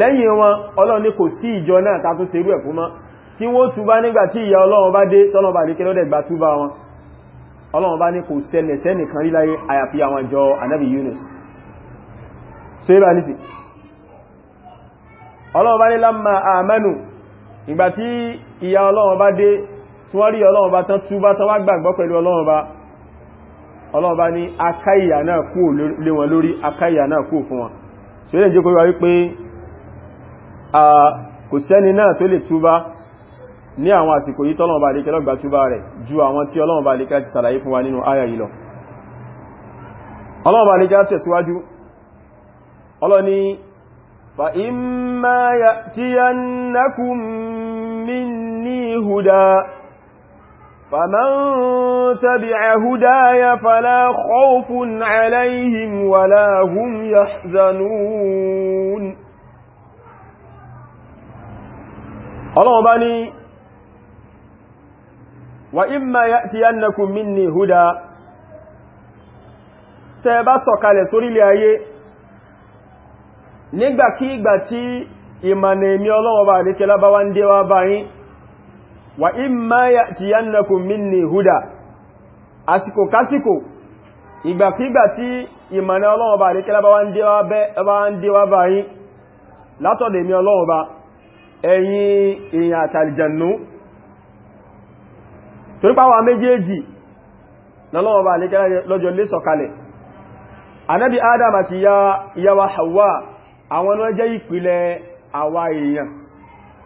lẹ́yìn wọn ọlọ́run ní kò sí ìjọ náà ta tún ṣerú ẹ̀ fún mọ́ tí wọ́n túbá nígbà tí ìyà ọlọ́run bá dé tọ́lọ́run bá àlékẹ́ lọ́dẹ̀ gbà túbá wọn ọlọ́run bá ní kò ṣẹlẹ̀ sẹ́nìkan rí láyé àyàfi àwọn ìjọ anábì Yunus so ibà nífi ọlọ́run bá ní lámà àmẹ́nu ìgbà tí ìyà ọlọ́run bá dé tí wọ́n rí ọlọ́run bá tán túbá tán wá gbàgbọ́ pẹ̀lú ọlọ́run bá ọlọ́ọ̀bá ní akáyà náà kú lé wọn lórí akáyà náà kú fún wọn tí ó lè jẹ́ kó wá wípé kò sẹ́ni náà tó lè túbá ní àwọn àsìkò yí tọ́lọ̀ọ̀bá lè kẹlọ́gbà túbá rẹ̀ ju àwọn tí ọlọ́ọ̀bá فَإِمَّا يَأْتِيَنَّكُم مِّنِّي هُدًى فمن تبع هدايا فلا خوف عليهم ولا هم يحزنون الله بني وإما يأتينكم مني هدى tẹ́ẹ̀bá sọ̀kalẹ̀ sórílẹ̀ ayé nígbàkígbà tí ìmànà èmi ọlọ́wọ́ bá àdékẹ́lá bá wá ń dé wá báyìí wa imma ya'tiyannakum minni huda àsìkò kásìkò ìgbàkígbà tí ìmọ̀nà ọlọ́run bá àríkẹ́lá bá ń dé wá báyìí látọ̀dẹ̀ mi ọlọ́run bá ẹ̀yin èèyàn àtàlìjànú torípáwà méjèèjì lọ́lọ́run bá àríkẹ́lá lọ́jọ́ lé adam ya wa hawa awa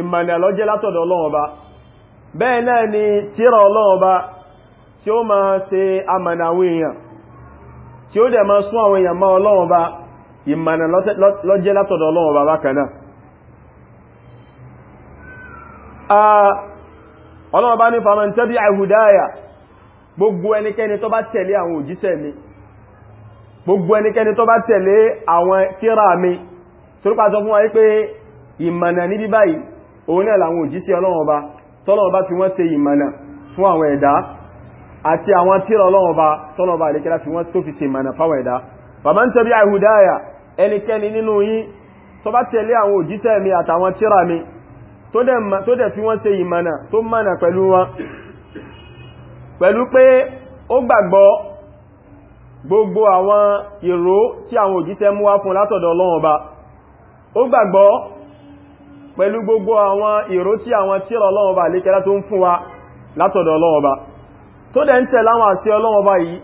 ìmànà lọ́jẹ́ látọ̀dọ̀ ọlọ́run ọba bẹ́ẹ̀ náà ni tírà ọlọ́run ọba tí ó ma ṣe amànà àwọn èèyàn tí ó dẹ̀ ma sún àwọn èèyàn mọ́ ọlọ́run ọba ìmànà lọ́jẹ́ látọ̀dọ̀ ọlọ́run ọba hudaya gbogbo ẹnikẹ́ni tó bá tẹ̀lé àwọn òjíṣẹ́ mi gbogbo ẹnikẹ́ni tó bá tẹ̀lé àwọn tírà mi torípa sọ fún wa wípé ìmànà ní bíbáyìí òun náà làwọn òjíṣẹ́ ọlọ́run ọba tọ́lọ́run ọba fi wọ́n ṣe ìmọ̀nà fún àwọn ẹ̀dá àti àwọn tírà ọlọ́run ọba tọ́lọ́run ọba àdékẹ́lá fi wọ́n tó fi ṣe ìmọ̀nà fáwọn ẹ̀dá bàbá ń tẹ́bí àìhùdáyà ẹnikẹ́ni nínú yín tó bá tẹ̀lé àwọn òjíṣẹ́ mi àtàwọn tírà mi tó dẹ̀ fi wọ́n se ìmọ̀nà tó mọ̀nà pẹ̀lú wọn pẹ̀lú pé ó gbàgbọ́ gbogbo àwọn ìró tí àwọn òjíṣẹ́ mú wá fún látọ̀dọ̀ ọlọ́run ọba ó gbàgbọ́ pẹ̀lú gbogbo àwọn ìró tí àwọn tíra ọlọ́wọ́ bá lékẹ́lá tó ń fún wa látọ̀dọ̀ ọlọ́wọ́ bá tó dẹ̀ ń tẹ̀lé àwọn àṣẹ ọlọ́wọ́ yìí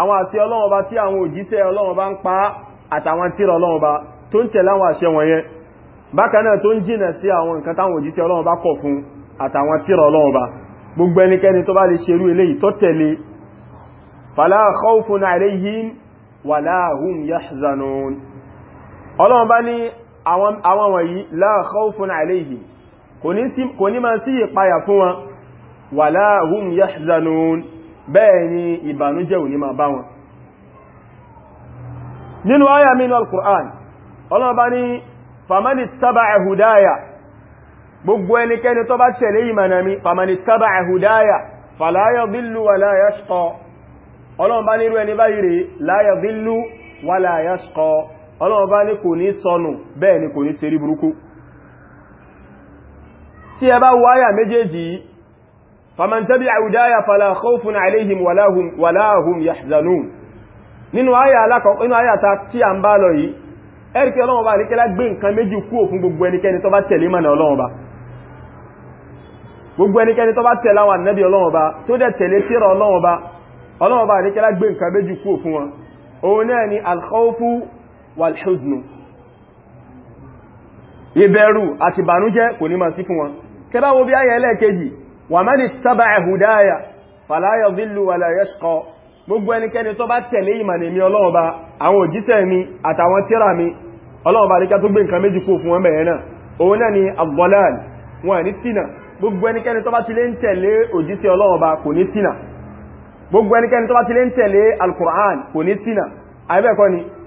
àwọn àṣẹ ọlọ́wọ́ tí àwọn òjíṣẹ́ ọlọ́wọ́ ń pa àtàwọn tíra ọlọ́wọ́ tó ń tẹ̀lé àwọn àṣẹ wọ̀nyẹn tó ń jìnà sí àwọn nǹkan táwọn òjíṣẹ́ gbogbo ẹnikẹ́ni tó bá lè ṣerú àwọn wọ̀nyí la khawfun alayhim kò ní máa sí ìpayà fún wọn wala hum yahzanun bẹ́ẹ̀ ni ìbànújẹ́ ò ní máa bá wọn nínú ayà mínú al-Qur'an ọlọ́ba ní famani taba'a hudaya gbogbo ẹnikẹ́ni tó bá tẹ̀lé ìmànà mi famani taba'a hudaya fala ọlọ́run bá ní kò ní sọnù bẹ́ẹ̀ ni kò ní ṣe rí burúkú tí ẹ bá wo àyà méjèèjì faman tabi'a hudaya fala khawfun alayhim wala hum yahzanun nínú àyà alákọ̀ọ́kọ́ nínú àyà tí a ń bá lọ yìí ẹ̀rìkì ọlọ́run bá níkẹ́lá gbé nǹkan méjì kúrò fún gbogbo ẹnikẹ́ni tó bá tẹ̀lé mọ̀nà ọlọ́run gbogbo ẹnikẹ́ni tó bá tẹ̀lé àwọn ànábì ọlọ́run tó dẹ̀ tẹ̀lé tírà ọlọ́run wàlhùznù ìbẹ̀rù àti bànújẹ́ kò ní máa sí fún wọn tẹ́bá wo bí ayẹ ẹlẹ́ẹ̀kejì wà mẹ́ni tábà ẹ̀hùdáyà fàláyọ̀ zílù wà láyẹ́ṣkọ́ gbogbo ẹnikẹ́ni tó bá tẹ̀lé ìmànì mi ọlọ́ọ̀ba àwọn òjíṣẹ́ mi àtàwọn tírà mi ọlọ́ọ̀ba ríká tó gbé nǹkan méjì kó fún wọn bẹ̀rẹ̀ náà òun náà ni agbọ́láàlì wọn ní sínà gbogbo ẹnikẹ́ni tó bá ti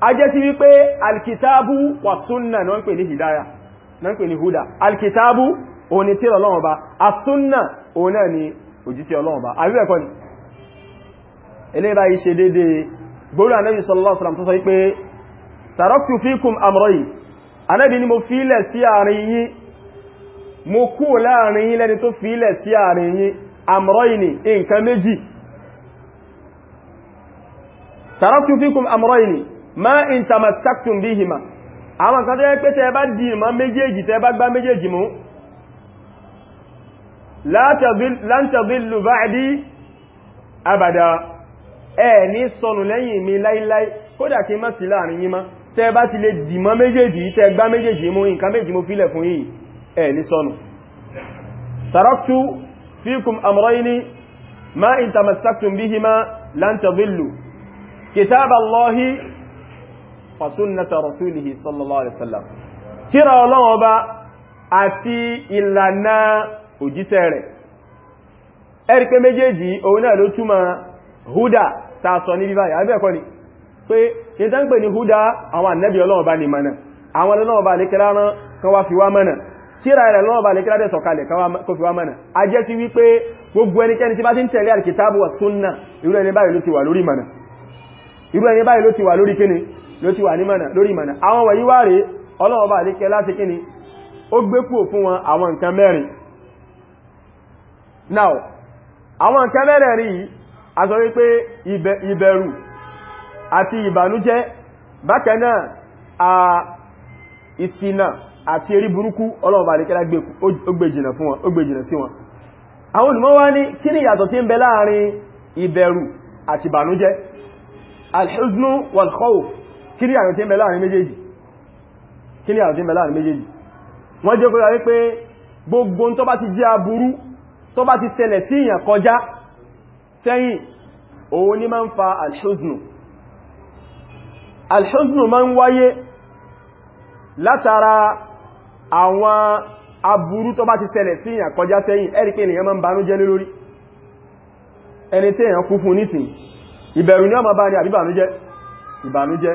ajẹ́ sí wípé alkitabu wà súnnà náà ń pè ní hidaya náà ń pè ní huda alkitabu òun ni tíra ọlọ́run ba asúnnà òun náà ni òjísí ọlọ́run ba àríwẹ̀ kọ́ ni eléyìí báyìí ṣe dédé gbóòrò anábi sallallahu alaihi wasallam tó sọ wípé taraktu fikum amrayi anábi ni ma in tamassaktum bihima àwọn kan tó yẹ pé tẹ bá di ìmọ̀ méjèèjì tẹ bá gbá méjèèjì mú lan tadillu ba'di abada ẹ ní sọnù lẹ́yìn mi láíláí kódà kí má sí láàrin yíma tẹ bá ti lè dìmọ̀ méjèèjì tẹ gbá méjèèjì mú nǹkan méjì mú fílẹ̀ fún yìí ẹ ní sọnù taraktu fikum amrayni ma in tamassaktum bihima fasunnata rasulihi sallallahu alaihi wasallam tírà Ọlọ́run ọba àti ìlànà òjíṣẹ́ rẹ̀ ẹ̀rí pé méjèèjì òun náà ló túmọ̀ húdà ta sọ ní bíbáyà abẹ́ẹ̀kọ́ ni pé ìta ń pè ní húdà àwọn ànábì Ọlọ́run ọba ní mọ̀nà irú ẹni báyìí ló ti wà lórí kíni ló ti wà ní mọ̀nà lórí mọ̀nà àwọn wọ̀nyí wá rèé ọlọ́run ọba àlékẹ́ láti kíni ó gbé fún wọn àwọn nǹkan mẹ́rin now àwọn nǹkan mẹ́rin rí a sọ wípé ìbẹ̀rù àti ìbànújẹ́ bákan a ìṣìnà àti erí burúkú ọlọ́run ọba àlékẹ́ ó gbé jìnà fún wọn ó gbé jìnà sí wọn àwọn olùmọ̀ wá ní kí ni ìyàtọ̀ kí ni àyàn tí ń bẹ láàrin méjèèjì kí ni àyàn tí ń bẹ láàrin méjèèjì wọ́n jẹ́ kóra wípé gbogbo tó bá ti jẹ́ aburú tó bá ti ṣẹlẹ̀ sí ìyàn kọjá sẹ́yìn òun ni máa ń fa alhuznu alhuznu máa ń wáyé látara àwọn aburú tó bá ti ṣẹlẹ̀ sí ìyàn kọjá sẹ́yìn ẹ̀rí pé ènìyàn máa ń banújẹ́ lórí ẹni tí èèyàn kú fún nísìn ìbẹ̀rù ni ó máa bá ní àbíbànújẹ́ ìbànújẹ́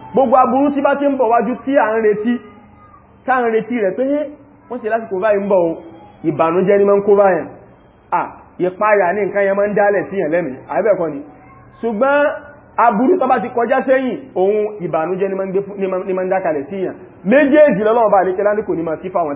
gbogbo aburú tí bá ti ń bọ̀ wájú tí à ń retí tá ń retí rẹ̀ pé wọ́n ṣe lásìkò báyìí ń bọ̀ o ìbànújẹ́ ni máa ń kó báyẹn à ìpayà ní nǹkan yẹn máa ń dálẹ̀ sí yẹn lẹ́mìí àbẹ́ẹ̀kọ́ ni ṣùgbọ́n aburú tó bá ti kọjá ni máa ń dákalẹ̀ sí yẹn méjèèjì lọ́lọ́wọ́ bá àlékẹ́ lálùkò ní máa sí fáwọn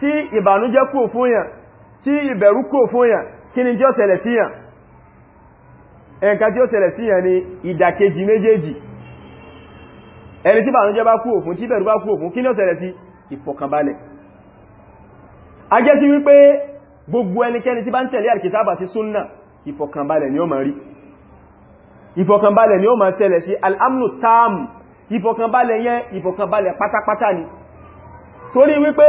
tí ìbànújẹ́ kúrò fún yàn tí ìbẹ̀rù kúrò fún yàn kí ni tí ó ṣẹlẹ̀ sí yàn ẹ̀kan tí ó ṣẹlẹ̀ sí yàn ni ìdàkejì méjèèjì ẹni tí ìbànújẹ́ bá kúrò fún tí ìbẹ̀rù bá kúrò fún kí ni ó ṣẹlẹ̀ sí ìfọ̀kànbalẹ̀ a jẹ́ sí wípé gbogbo ẹnikẹ́ni ni ó torí wípé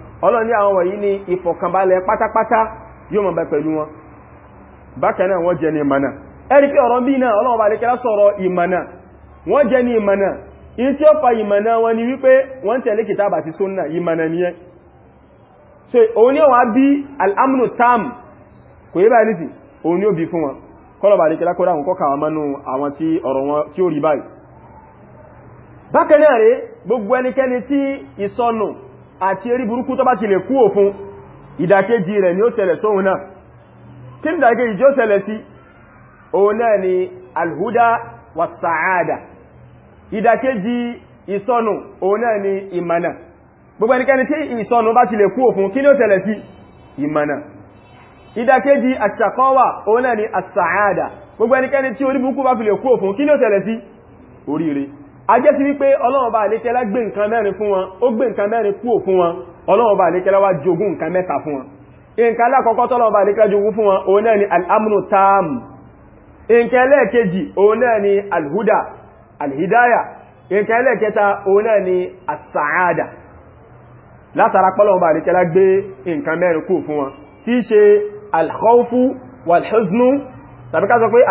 ọlọ́run ní àwọn wọ̀nyí ní ìfọ̀kànbalẹ̀ pátápátá yóò máa bẹ pẹ̀lú wọn bákan náà wọ́n jẹ́ ní ìmọ̀nà ẹ̀rí pé ọ̀rọ̀ bí náà ọlọ́run bá lè kẹ́lá sọ̀rọ̀ ìmọ̀nà wọ́n jẹ́ ní ìmọ̀nà in tí ó fa ìmọ̀nà wọn ni wípé wọ́n tẹ̀lé kìtàbà sí súnnà ìmọ̀nà so òun ni ó tam kò yí báyìí nìsí òun ni ó bí fún wọn kọ́lọ̀ bá lè kẹ́lá kọ́lá àwọn kọ́kà mọ́nú àwọn tí àti erí burúkú tó bá ti lè kú òfun ìdàkejì rẹ̀ ni ó ṣẹlẹ̀ sóhun náà kí ní ìdàkejì tí ó sí òun náà ni alhuda wa sa'ada ìdàkejì ìsọnù òun náà ni ìmànà gbogbo ẹnikẹ́ni tí ìsọnù bá ti lè kú òfun kí ni ó ṣẹlẹ̀ sí ìmànà ìdàkejì àṣàkọ́wà òun náà ni àṣàáàdà gbogbo ẹnikẹ́ni tí orí burúkú bá fi lè kú a jẹ́ sí wípé ọlọ́run bá àlékẹ́lá gbé nǹkan mẹ́rin fún wọn ó gbé nǹkan mẹ́rin kúrò fún wọn ọlọ́run bá àlékẹ́lá wá jogún nǹkan mẹ́ta fún wọn nǹkan alákọ̀ọ́kọ́ tọ́lọ́run bá àlékẹ́lá jogún fún wọn òun náà ni al-amnu tam nǹkan ẹlẹ́ẹ̀kejì òun náà ni al-huda al-hidaya nǹkan ẹlẹ́ẹ̀kẹta òun náà ni as-sa'ada bá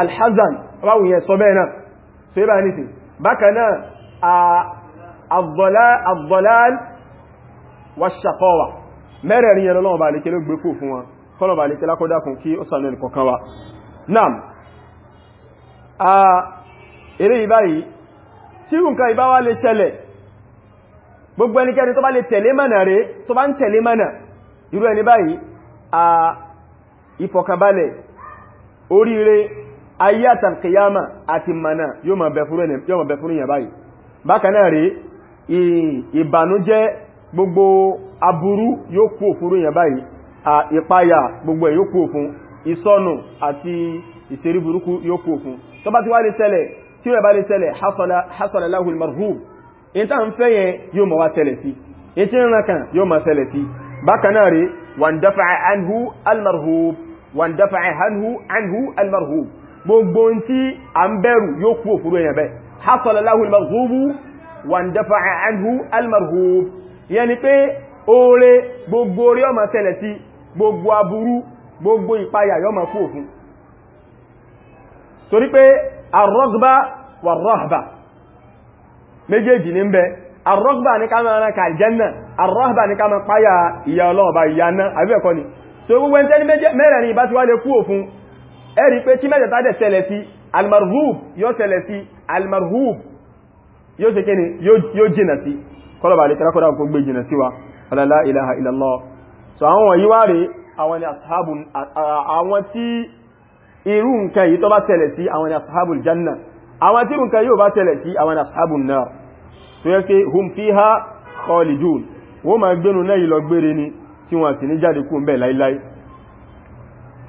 àlékẹ́lá ṣe bákanáà àbọ̀láàl wà ṣàkọwà mẹ́rẹ̀rin yẹn lọ́wọ́ bá lè kí ló gbé kò fún wọn kọ́lọ̀ bá lè kí lákọ́dá fún kí ó sànú ẹnìkọ̀kan wa náà a eré ìbáyìí tí nǹkan ìbá wá lè ṣẹlẹ̀ gbogbo ẹnikẹ́ni tó bá lè tẹ̀lé mọ́nà rẹ̀ tó bá ń tẹ̀lé mọ́nà irú ẹni báyìí a ìfọ̀kànbalẹ̀ oríire ayé àtàkìyàmà àti mana yóò ma bẹ fún ìyàn báyìí bákanáà rí ìbànújẹ́ gbogbo aburú yóò kú òfúrú ìyàn báyìí à ìpayà gbogbo ẹ̀ yóò kú òfún ìsọnù àti ìṣẹ́rí burúkú yóò kú òfún tó bá ti wá lè ṣẹlẹ̀ tí ó bá lè ṣẹlẹ̀ hasala lahul marhub in ta ń fẹ́ yẹn yóò ma wá ṣẹlẹ̀ sí gbogbo tí a ń bẹ̀rù yóò kú òkúrò èyàn bẹ́ hasala lahu al-maghdubu wa indafa'a anhu al-marhub yàní pé oore gbogbo orí ó máa tẹ̀lẹ̀ sí gbogbo aburú gbogbo ìpayà yóò máa kú òkun torí pé ar wa rahba méjèèjì ní ń bẹ ní ká máa ka al-janna ní ká máa páyà ìyà ọlọ́ọ̀bá ìyà náà ni so gbogbo ẹni tẹ́ni mẹ́rẹ̀ ni ìbá ti wá lè kú òfin ẹ̀rí pé tí mẹ́tẹ̀ta dẹ̀ ṣẹlẹ̀ sí almarhub yóò ṣẹlẹ̀ sí almarhub yóò ṣe kéne yóò jìnà sí kọlọ̀bà lè kẹ́rẹ́kọ́dá kò gbé jìnà sí wa la ilaha illallah so àwọn wọ̀nyí wá ashabu àwọn tí irú nǹkan yìí tó bá ṣẹlẹ̀ sí àwọn ni ashabul janna àwọn tí irú nǹkan yìí ò bá ṣẹlẹ̀ sí àwọn ni ashabun nar tó yẹ wọ́n ma gbénu náà yìí ni tí wọ́n sì ní jáde kú ń bẹ̀ láíláí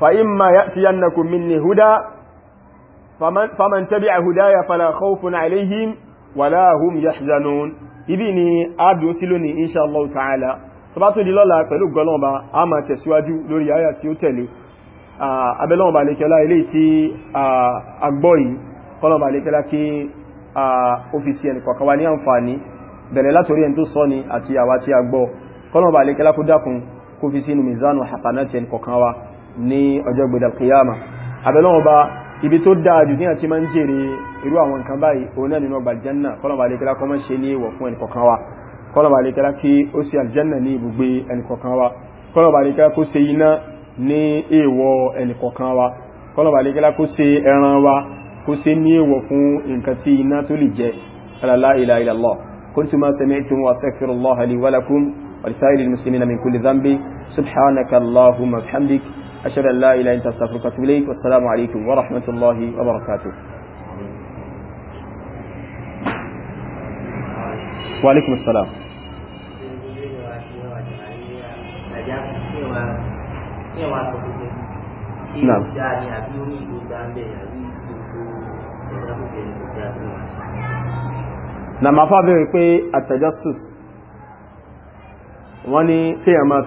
فإما يأتينكم مني هدى فمن, فمن تبع هدايا فلا خوف عليهم ولا هم يحزنون ibi ni a dúró sí lónìí inṣàlọ́wọ́ ta'ala tó bá tó di lọ́la pẹ̀lú gọlọ́ọ̀bá a máa tẹ̀síwájú lórí àyà tí ó tẹ̀lé abẹ́lọ́ọ̀bá lẹ́kẹ́lá ilé tí agbóyí kọlọ́ọ̀bá lẹ́kẹ́lá kí ọ́fíìsì ẹni kọ̀ọ̀kan wa ní àǹfààní bẹ̀rẹ̀ látorí ẹni tó sọ ni àti àwa tí a gbọ́ kọlọ́ọ̀bá lẹ́kẹ́lá kó dákun kó fi sínú mizanu hasanati ẹni kọ̀ọ̀kan wa ní ọjọ́ gbẹ̀dẹ̀ kìyàmà abẹ́lọ́wọ́ bá ibi tó dáadù ní àti máa ń jèrè irú àwọn nǹkan báyìí òun náà nínú ọgbà jẹ́nà kọ́lọ̀bà alékẹ́lá kọ́ máa ṣe ní ìwọ̀ fún ẹnìkọ̀kan wa kọ́lọ̀bà alékẹ́lá kí ó ṣe àjẹ́nà ní ibùgbé ẹnìkọ̀kan wa kọ́lọ̀bà alékẹ́lá kó ṣe iná ní èèwọ̀ ẹnìkọ̀kan wa kọ́lọ̀bà alékẹ́lá kó ṣe ẹran wa kó ṣe ní èèwọ̀ fún nǹkan tí iná tó lè jẹ la ilaha illallah kuntu ma sami'tum wa astaghfirullaha li wa lakum wa lisairil muslimina min kulli dhanbi subhanaka allahumma wa bihamdika أشهد أن لا إله إلا أنت أستغفرك وأتوب إليك والسلام عليكم ورحمة الله وبركاته وعليكم السلام نعم na ma fa bẹ̀rẹ̀ pé àtẹ̀jọ́sùs wọ́n ní tí a máa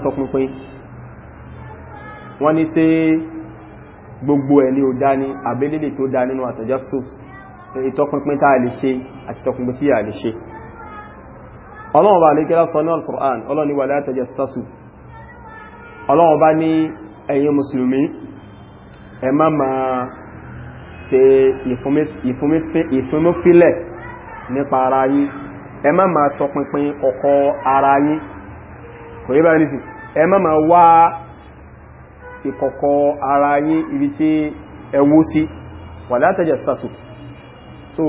wọ́n ní ṣé gbogbo ẹni ò dá ní abélélè tó dá nínú àtajassùs ìtọ́pinpin tá a lè ṣe àti ìtọ́pinpin quran ọlọ́run ni wala tajassasu ọlọ́run bá ní ẹ̀yin mùsùlùmí ẹ má ma ṣe ìfúnmífílẹ̀ nípa ara yín ma tọpinpin ọkọ ara yín kò yí bá ní sí ẹ má ma wá ìkọ̀kọ̀ ara yín ibi tí ẹwú sí wala tajassasu so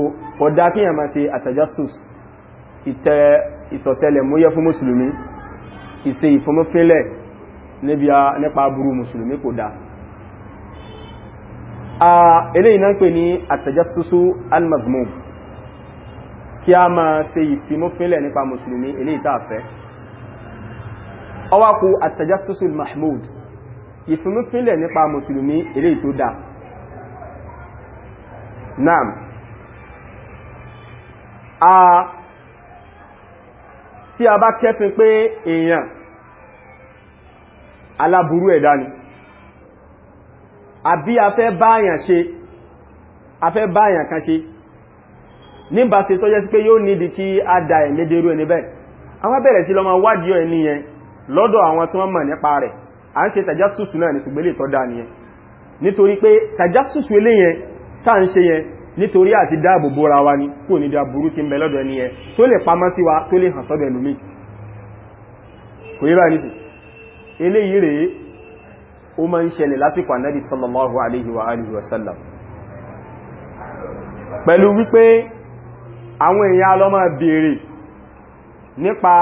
ọ̀dá kí yàn máa ṣe àtajassus ìtẹ ìsọ̀tẹlẹ̀ múyẹ́ fún mùsùlùmí ìṣe ìfọmọ́fẹ́lẹ̀ nípa aburú mùsùlùmí kò dáa a eléyìí náà pè ní al-mazmum kí a máa ṣe ìfimófínlẹ̀ nípa mùsùlùmí eléyìí tàà fẹ́ ọwá kú àtẹ̀jẹ́súsú al-mahmud ìfinúfínlẹ̀ nípa mùsùlùmí eré tó dá Nam, a tí a bá kẹ́fin pé èèyàn aláburú ẹ̀dá ni àbí a fẹ́ báyàn ṣe a fẹ́ báyàn kan ṣe nígbà tí tó jẹ́ sí pé yóò nídi kí a dá ẹ̀ lédèrú ẹni bẹ́ẹ̀ àwọn bẹ̀rẹ̀ sí lọ máa wádìí ẹni yẹn lọ́dọ̀ àwọn tí wọ́n mọ̀ nípa rẹ̀ a ń ṣe tajásùsù náà ní ṣùgbélé tọ́ dáa nìyẹn nítorí pé tajásùsù ilé yẹn tá ń ṣe yẹn nítorí àti dáàbò bóra wa ní kò ní dáàbòrú ti mẹ́lọ́dọ̀ ní ẹ tó lè pamọ́ sí wa tó lè hàn sọ́dọ̀ sallallahu alaihi wa alihi wa sallam pẹ̀lú wípé àwọn èèyàn alọ́mọ béèrè nípa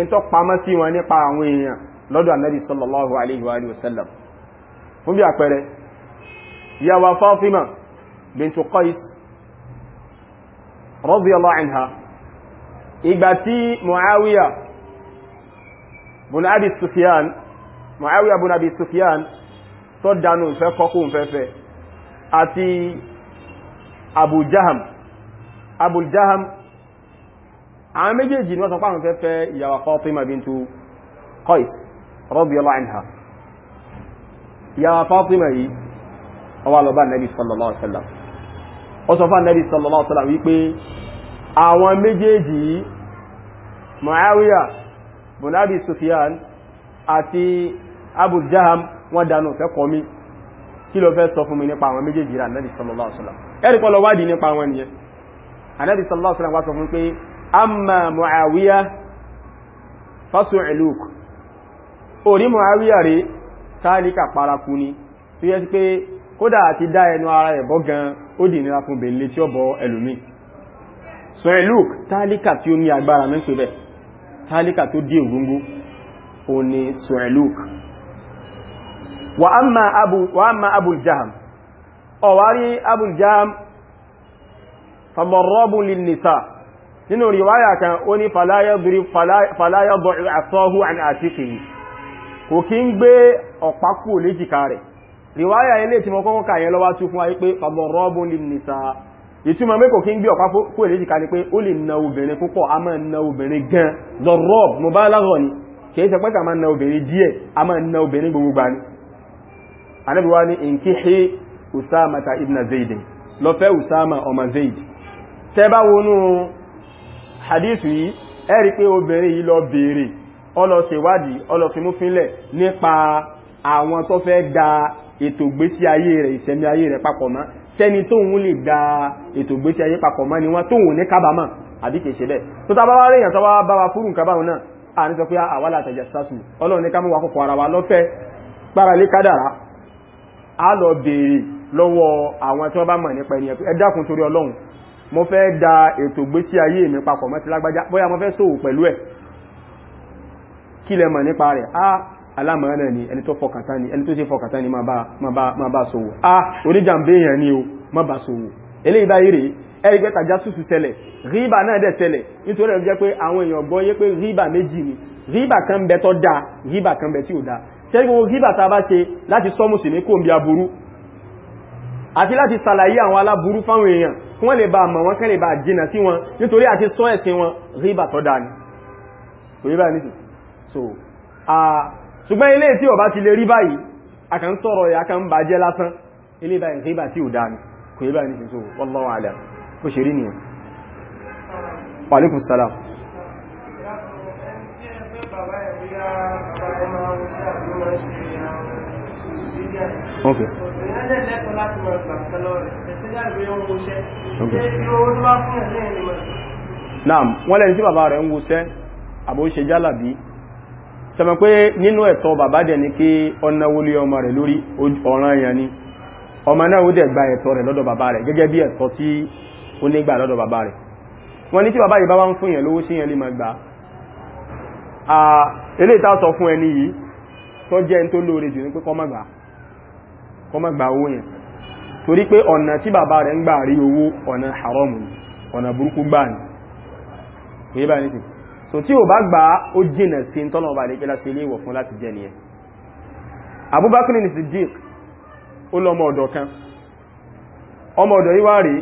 ẹntọ́ pamọ́ sí wọn nípa àwọn èèyàn lọ́dọ̀ annabi sallallahu alaihi wa alihi wasallam fún bí àpẹẹrẹ yàwà Fatima bintu Qais radiyallahu anha ìgbà tí Muawiya bun Abi Sufyan Muawiya bun Abi Sufyan tó dánú ìfẹ́ kọkún fẹ́fẹ́ àti Abu Jaham Abu Jaham àwọn méjèèjì ni wọ́n sọ pàwọn fẹ́fẹ́ ìyàwó Fatima bintu Qais radiyallahu anha ya Fatima yìí ó wá lọ bá Nabi sallallahu alaihi wasallam ó sọ fún Nabi sallallahu alaihi wasallam wípé àwọn méjèèjì Muawiya bun Abi Sufyan àti Abu Jaham wọ́n dánú fẹ́ kọ́ mi kí ló fẹ́ sọ fún mi nípa àwọn méjèèjì rà Nabi sallallahu alaihi wasallam ẹ̀rìkọ́ lọ wádìí nípa àwọn nìyẹn Nabi sallallahu alaihi wasallam wá sọ fún pé amma Muawiya fasu'iluk orí Muawiya talika táàlíkà paraku ni tó yẹ sí pé kódà àti dá ẹnu ara ẹ̀bọ́ gan ó dì nira fún bèèlè tí ó talika ẹlòmí Suluk táàlíkà tí ó ní agbára mẹ́sọ bẹ̀ táàlíkà tó dí wa ama abu wa amma wari Jaham ọ̀wárí Abul Jaham fadarrabun lin nisa nínú riwaya kan ó ní fala yadrib fala yadrib asahu an atiqihi kò kí ń gbé ọ̀pá kúrò léjìká rẹ̀ ríwáyà ilé tí mọ́ kọ́kọ́ kàyẹ lọ́wọ́ tún fún ayé pé fàbọ̀rọ́bùn lè nìsà ìtumọ̀ kí ń gbé ni pé ó lè na obìnrin púpọ̀ a máa na obìnrin gan lọ́rọ́b mo bá láhọ̀ ni kìí ṣe pẹ́kà máa na obìnrin díẹ̀ a máa na obìnrin gbogbo gbani usama usama ọlọ ṣèwádìí ọlọ fimúfinlẹ̀ nípa àwọn tó fẹ́ da ètò ìgbésí ayé rẹ̀ ìṣẹ̀mí ayé rẹ̀ papọ̀ mọ́ sẹ́ni tóun lè da ètò ìgbésí ayé papọ̀ mọ́ ni wọ́n tóun ní kábàámọ̀ àbí kìí ṣe bẹ́ẹ̀ tó tá bá wá rèèyàn tó wá bá wa fúrù nǹkan báwọn náà à ní sọ pé àwa látẹ̀jẹ̀ sásù ọlọ́run ní ká mú wa kọ̀kọ̀ ara wa lọ́fẹ́ gbára lé kádàrá a lọ béèrè lọ́wọ́ àwọn tí wọ́n bá mọ̀ nípa ẹni ẹ dákun torí ọlọ́run mo fẹ́ da ètò ìgbésí ayé mi papọ̀ mọ́ ti lágbájá bóyá mo fẹ́ ṣòwò pẹ̀lú ẹ̀ kí lẹ mọ̀ nípa rẹ̀ a alámọ̀ọ́nà ni ẹni tó fọkàtà ni ẹni tó ṣe fọkàtà ni ma bá sòwò a oníjàmbéèyàn ni o ma bá sòwò eléyìí báyìí rèé ẹ̀rígbẹ́ tajásùsù ṣẹlẹ̀ ríbà náà dẹ̀ ṣẹlẹ̀ nítorí ẹ̀rọ jẹ́ pé àwọn èèyàn gbọ́ yé pé ríbà méjì ni ríbà kan bẹ tó dáa ríbà kan bẹ tí ò dáa ṣẹ́rí gbogbo ríbà ta bá ṣe láti sọ mùsùlùmí kò ń bí aburú àti láti sàlàyé àwọn aláburú fáwọn èèyàn kí wọ́n lè bá mọ̀ wọ́n kẹ́ lè bá jìnà sí wọn nítorí àti sọ ẹ̀sìn wọn ríbà tó dáa ni kò rí báyìí so ṣùgbọ́n ilé tí ó ti lè rí báyìí a kàn sọ̀rọ̀ ẹ̀ a kàn bàjẹ́ lásán ilé báyìí rí bà tí ò dá ní kò yí báyìí ní ṣe wallahu a'lam bó ṣe rí nìyẹn wa alaikum salam Okay. Naam, wọ́n lẹ́ni tí bàbá rẹ̀ ń wuṣẹ́, àbò ṣe jálàbí, sẹmọ̀ pé nínú ẹ̀tọ́ bàbá dẹ̀ ní kí ọ̀nà wọlé ọmọ rẹ̀ lórí ọ̀ràn èèyàn ni ọmọ náà ó dẹ̀ gba ẹ̀tọ́ rẹ̀ lọ́dọ̀ bàbá rẹ̀ gẹ́gẹ́ bí ẹ̀tọ́ tí ó ní gbà lọ́dọ̀ bàbá rẹ̀ wọ́n ní tí bàbá yìí bá wá ń fún yẹn lówó sí yẹn lè máa gbà á ilé ìta sọ fún ẹni yìí tó jẹ́ ń tó lóore jù ní pé so tí o bá gbà ó jìnà sí tọ́nà ọba àdékẹ́lá ṣe ilé ìwọ̀ fún láti jẹ nìyẹn Abubakar ní Siddiq ó lọ́mọ ọ̀dọ̀ kan ọmọ ọ̀dọ̀ yìí wá rí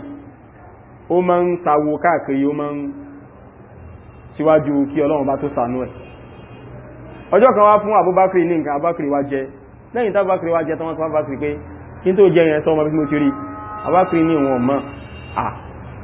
ó máa ń sawo káàkiri ó máa ń síwájú kí Ọlọ́run bá tó ṣàánú ẹ̀ ọjọ́ kan wá fún Abubakar ní nǹkan Abubakar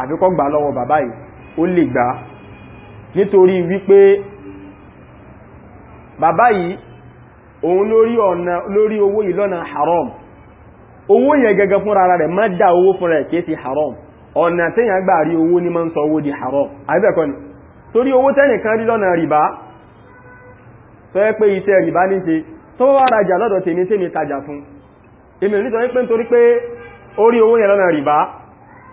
àbíkọ́ gbà lọ́wọ́ bàbá yìí ó lè gbà nítorí wípé bàbá yìí òun lórí ọ̀nà lórí owó yìí lọ́nà haram owó yẹn gẹ́gẹ́ fún rárá rẹ̀ má dá owó fún rẹ̀ kìí sí haram ọ̀nà gbà rí owó di haram àbẹ́ẹ̀kọ́ ni torí owó tẹ́nìkan rí lọ́nà rìbá tó yẹ pé iṣẹ́ rìbá ní ṣe tó rajà lọ́dọ̀ tèmi tèmi tajà fún èmi nítorí pé nítorí pé orí owó yẹn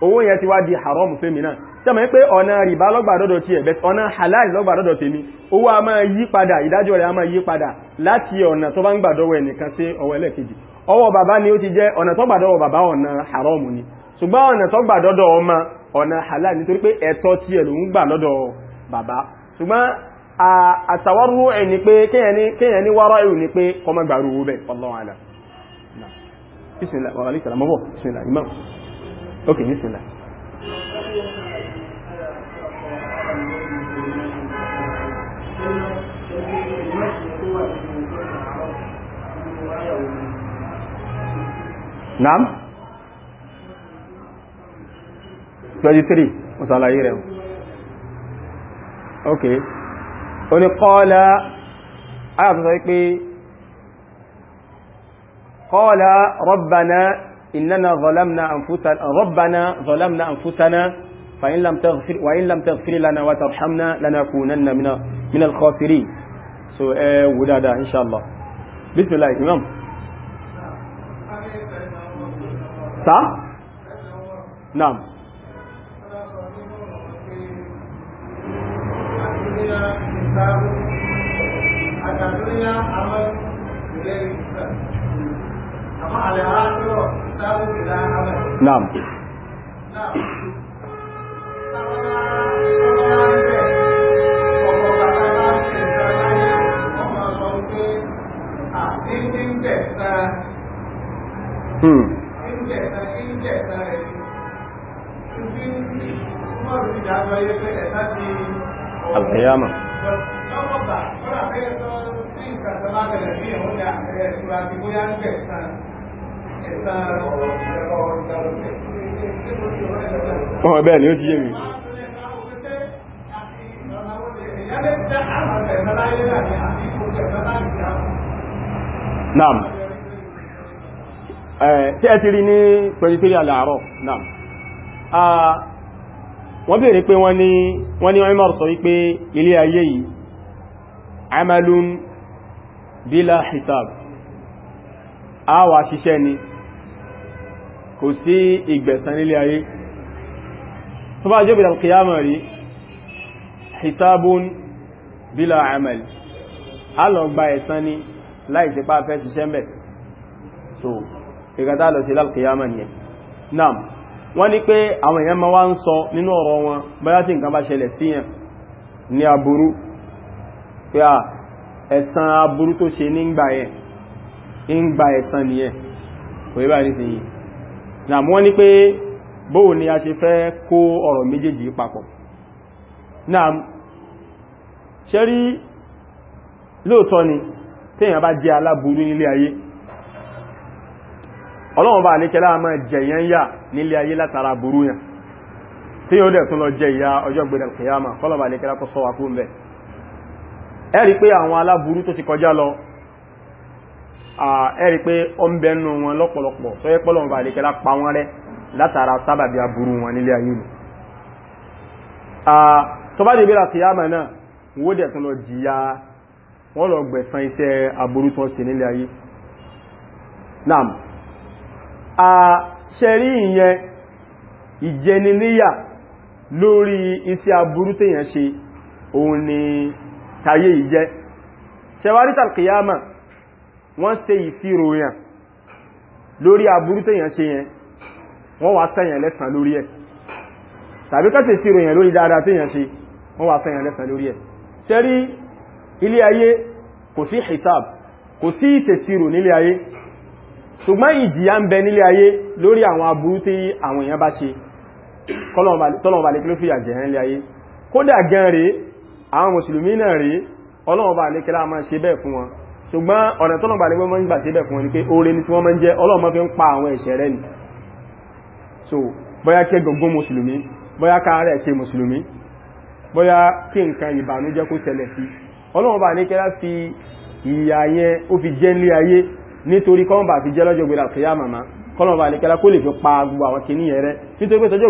owó yẹn ti wá di haram fẹ́mi náà sẹ́mọ̀ pé ọ̀nà rìbá lọ́gbàdọ́dọ̀ tí ẹ̀ bẹ̀t ọ̀nà halal lọ́gbàdọ́dọ̀ tèmi owó a máa yí padà ìdájọ́ rẹ̀ a máa yí padà láti ọ̀nà tó bá ń gbàdọ́wọ́ ẹnìkan sí ọwọ́ ẹlẹ́kejì ọwọ́ bàbá ni ó ti jẹ́ ọ̀nà tó gbàdọ́wọ́ bàbá ọ̀nà haram ni ṣùgbọ́n ọ̀nà tó gbàdọ́dọ̀ ọmọ ọ̀nà halal ni ni ok bismillah naam 23 musalaye rẹ̀ ok o ni kọ́ọ̀lá ayàtọ̀ sọ wípé kọ́ọ̀lá rabbana إننا ظلمنا أنفسنا ربنا ظلمنا أنفسنا فإن لم تغفر وإن لم تغفر لنا وترحمنا لنكونن من من الخاسرين so ودادا إن شاء الله بسم الله إمام صح نعم الدنيا عمل غير الإسلام Naam. Hmm. Al-Qiyama. Ọ̀pọ̀lọpọ̀ àwọn akẹ́kọ̀ọ́ tí ìkàtàlá ṣẹlẹ̀ sí ìhúnjà ẹ̀rẹ̀ ìgbà tí bóyá ń bẹ̀ sáà ọmọ ẹ̀bẹ́ ni ó ti yé mi naam tí ẹ ti rí ní 23 aláàrọ̀ naam wọ́n bèèrè pé wọ́n ní wọ́n ní Umar sọ wípé ilé ayé yìí amalun bila hisab a wà ṣiṣẹ́ ni kò sí ìgbẹ̀san nílé ayé tó bá jẹ́ bìdàn kìyàmà rí hisabun bila amal a lọ gba ní láì sí pá fẹ́ so ìgbàtà lọ sí lálkìyàmà ni naam wọ́n ní pé àwọn èèyàn ma wá ń sọ nínú ọ̀rọ̀ wọn báyá tí nǹkan bá ṣẹlẹ̀ síyàn ní aburú pé à ẹ̀san aburú tó ṣe ní ń ẹ̀ ń gbà ẹ̀san nìyẹn kò yí ní sí yìí na wọ́n nipe pé bóò ni a ṣe fẹ́ kó ọ̀rọ̀ méjèèjì papọ̀ náà ṣe rí lóòtọ́ ni téèyàn bá jẹ aláburú nílé ayé ọlọ́run bá níkẹ́lá máa jẹ̀yàn yà nílé ayé látara burú yàn tí yóò dẹ̀ tún lọ jẹ ìyá ọjọ́ gbẹ̀dẹ̀ kìyàmà ẹ̀rí pé ó ń bẹnu wọn lọ́pọ̀lọpọ̀ tó yẹ pọ́lọ̀ ọba àdékẹ́lá pa wọ́n rẹ́ látara sábàbí aburú wọn nílé ayé ni tó bá débìlà kìyàmà náà wó dẹ̀ tún lọ jìyà wọ́n lọ gbẹ̀san iṣẹ́ aburú tó ṣe nílé ayé naam ṣẹ̀rí ìyẹn ìjẹniníyà lórí iṣẹ́ aburú téèyàn ṣe òun ni tayé ìjẹ́ ṣẹwárí tàlkìyàmà wọ́n ṣe ìṣirò yẹn lórí aburú tèyàn ṣe yẹn wọ́n wá sẹ́yàn lẹ́sàn lórí ẹ̀ tàbí ká ṣe ìṣirò yẹn lórí dáadáa tèyàn ṣe wọ́n wá sẹ́yàn lẹ́sàn lórí ẹ̀ ṣe rí ilé ayé kò sí hisab kò sí ìṣèṣirò nílé ayé ṣùgbọ́n ìjìyà ń bẹ nílé ayé lórí àwọn aburú tí àwọn èèyàn bá ṣe tọ́lọ̀ọ̀bà lè kíló fìyà jẹ nílé ayé kódà gan rèé àwọn mùsùlùmí náà rèé ọlọ́ọ̀bà lè kílá máa ṣe bẹ́ẹ̀ fún wọn ṣùgbọ́n ọ̀nà tọ́nà gbà ní wọ́n ń gbà sí ẹ̀bẹ̀ fún wọn ni pé oore ni tí wọ́n máa jẹ́ ọlọ́mọ fi ń pa àwọn ẹ̀ṣẹ̀ rẹ̀ ni so bóyá kí gbogbo mùsùlùmí bóyá ká rẹ̀ ṣe mùsùlùmí bóyá kí nǹkan ìbànújẹ́ kó ṣẹlẹ̀ sí ọlọ́mọba ní kẹ́lá fi ìyà yẹn ó fi jẹ́ nílé ayé nítorí kọ́mọba fi jẹ́ lọ́jọ́ gbéra kìyà màmá kọ́lọ̀mọba ní kẹ́lá kó lè fi pa gbogbo àwọn kìíní yẹn rẹ̀ nítorí pé tọ́jọ́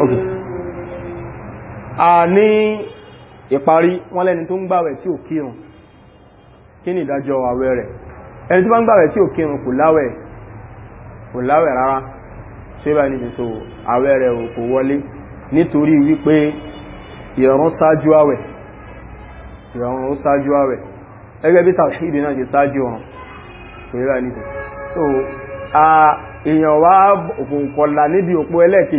okay a ní ìparí wọ́n lẹ́ni tó ń gbàwẹ̀ tí ò kírun kí ni ìdájọ́ àwẹ̀ rẹ̀ ẹni tó bá ń gbàwẹ̀ tí ò kírun kò láwẹ̀ kò láwẹ̀ rárá ṣe bá ní ṣe àwẹ̀ rẹ̀ kò wọlé nítorí wípé ìrọ̀rún ṣáájú àwẹ̀ ìrọ̀rún ó àwẹ̀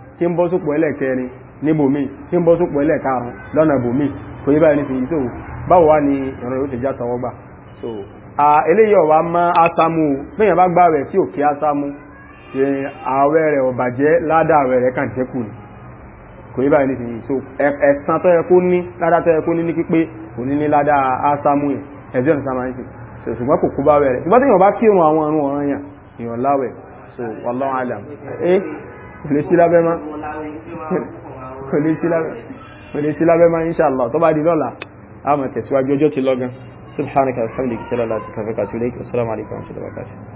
tí ń bọ́ sópò ẹlẹ́kẹrin níbòmí tí ń bọ́ sópò ẹlẹ́karùn lọ́nà bòmí kò yí báyìí nísìnyí so báwo wá ni ìrun yóò ṣe já tọwọ́ so eléyìí ọ̀wá mọ́ ásámú fẹ́yàn bá gbà rẹ̀ tí ò kí ásámú ààwẹ̀ rẹ̀ ò bàjẹ́ ládà rẹ̀ kàn jẹ́kù ni so ẹ̀san tó yẹ kó ní ládà tó yẹ kó ní ní pípé kò ní so ṣùgbọ́n kò kú bá rẹ̀ ṣùgbọ́n tí èèyàn bá kírun àwọn so wallahu alam Eh? kò lè sí lábẹ́ má kò lè sí lábẹ́ má inṣàlá tó bá di lọ́la a mọ̀ tẹ̀síwájú ọjọ́ ti lọ́gán subhanaka alhamdulillah sallallahu alaihi wa sallam assalamu alaikum wa rahmatullahi wa barakatuh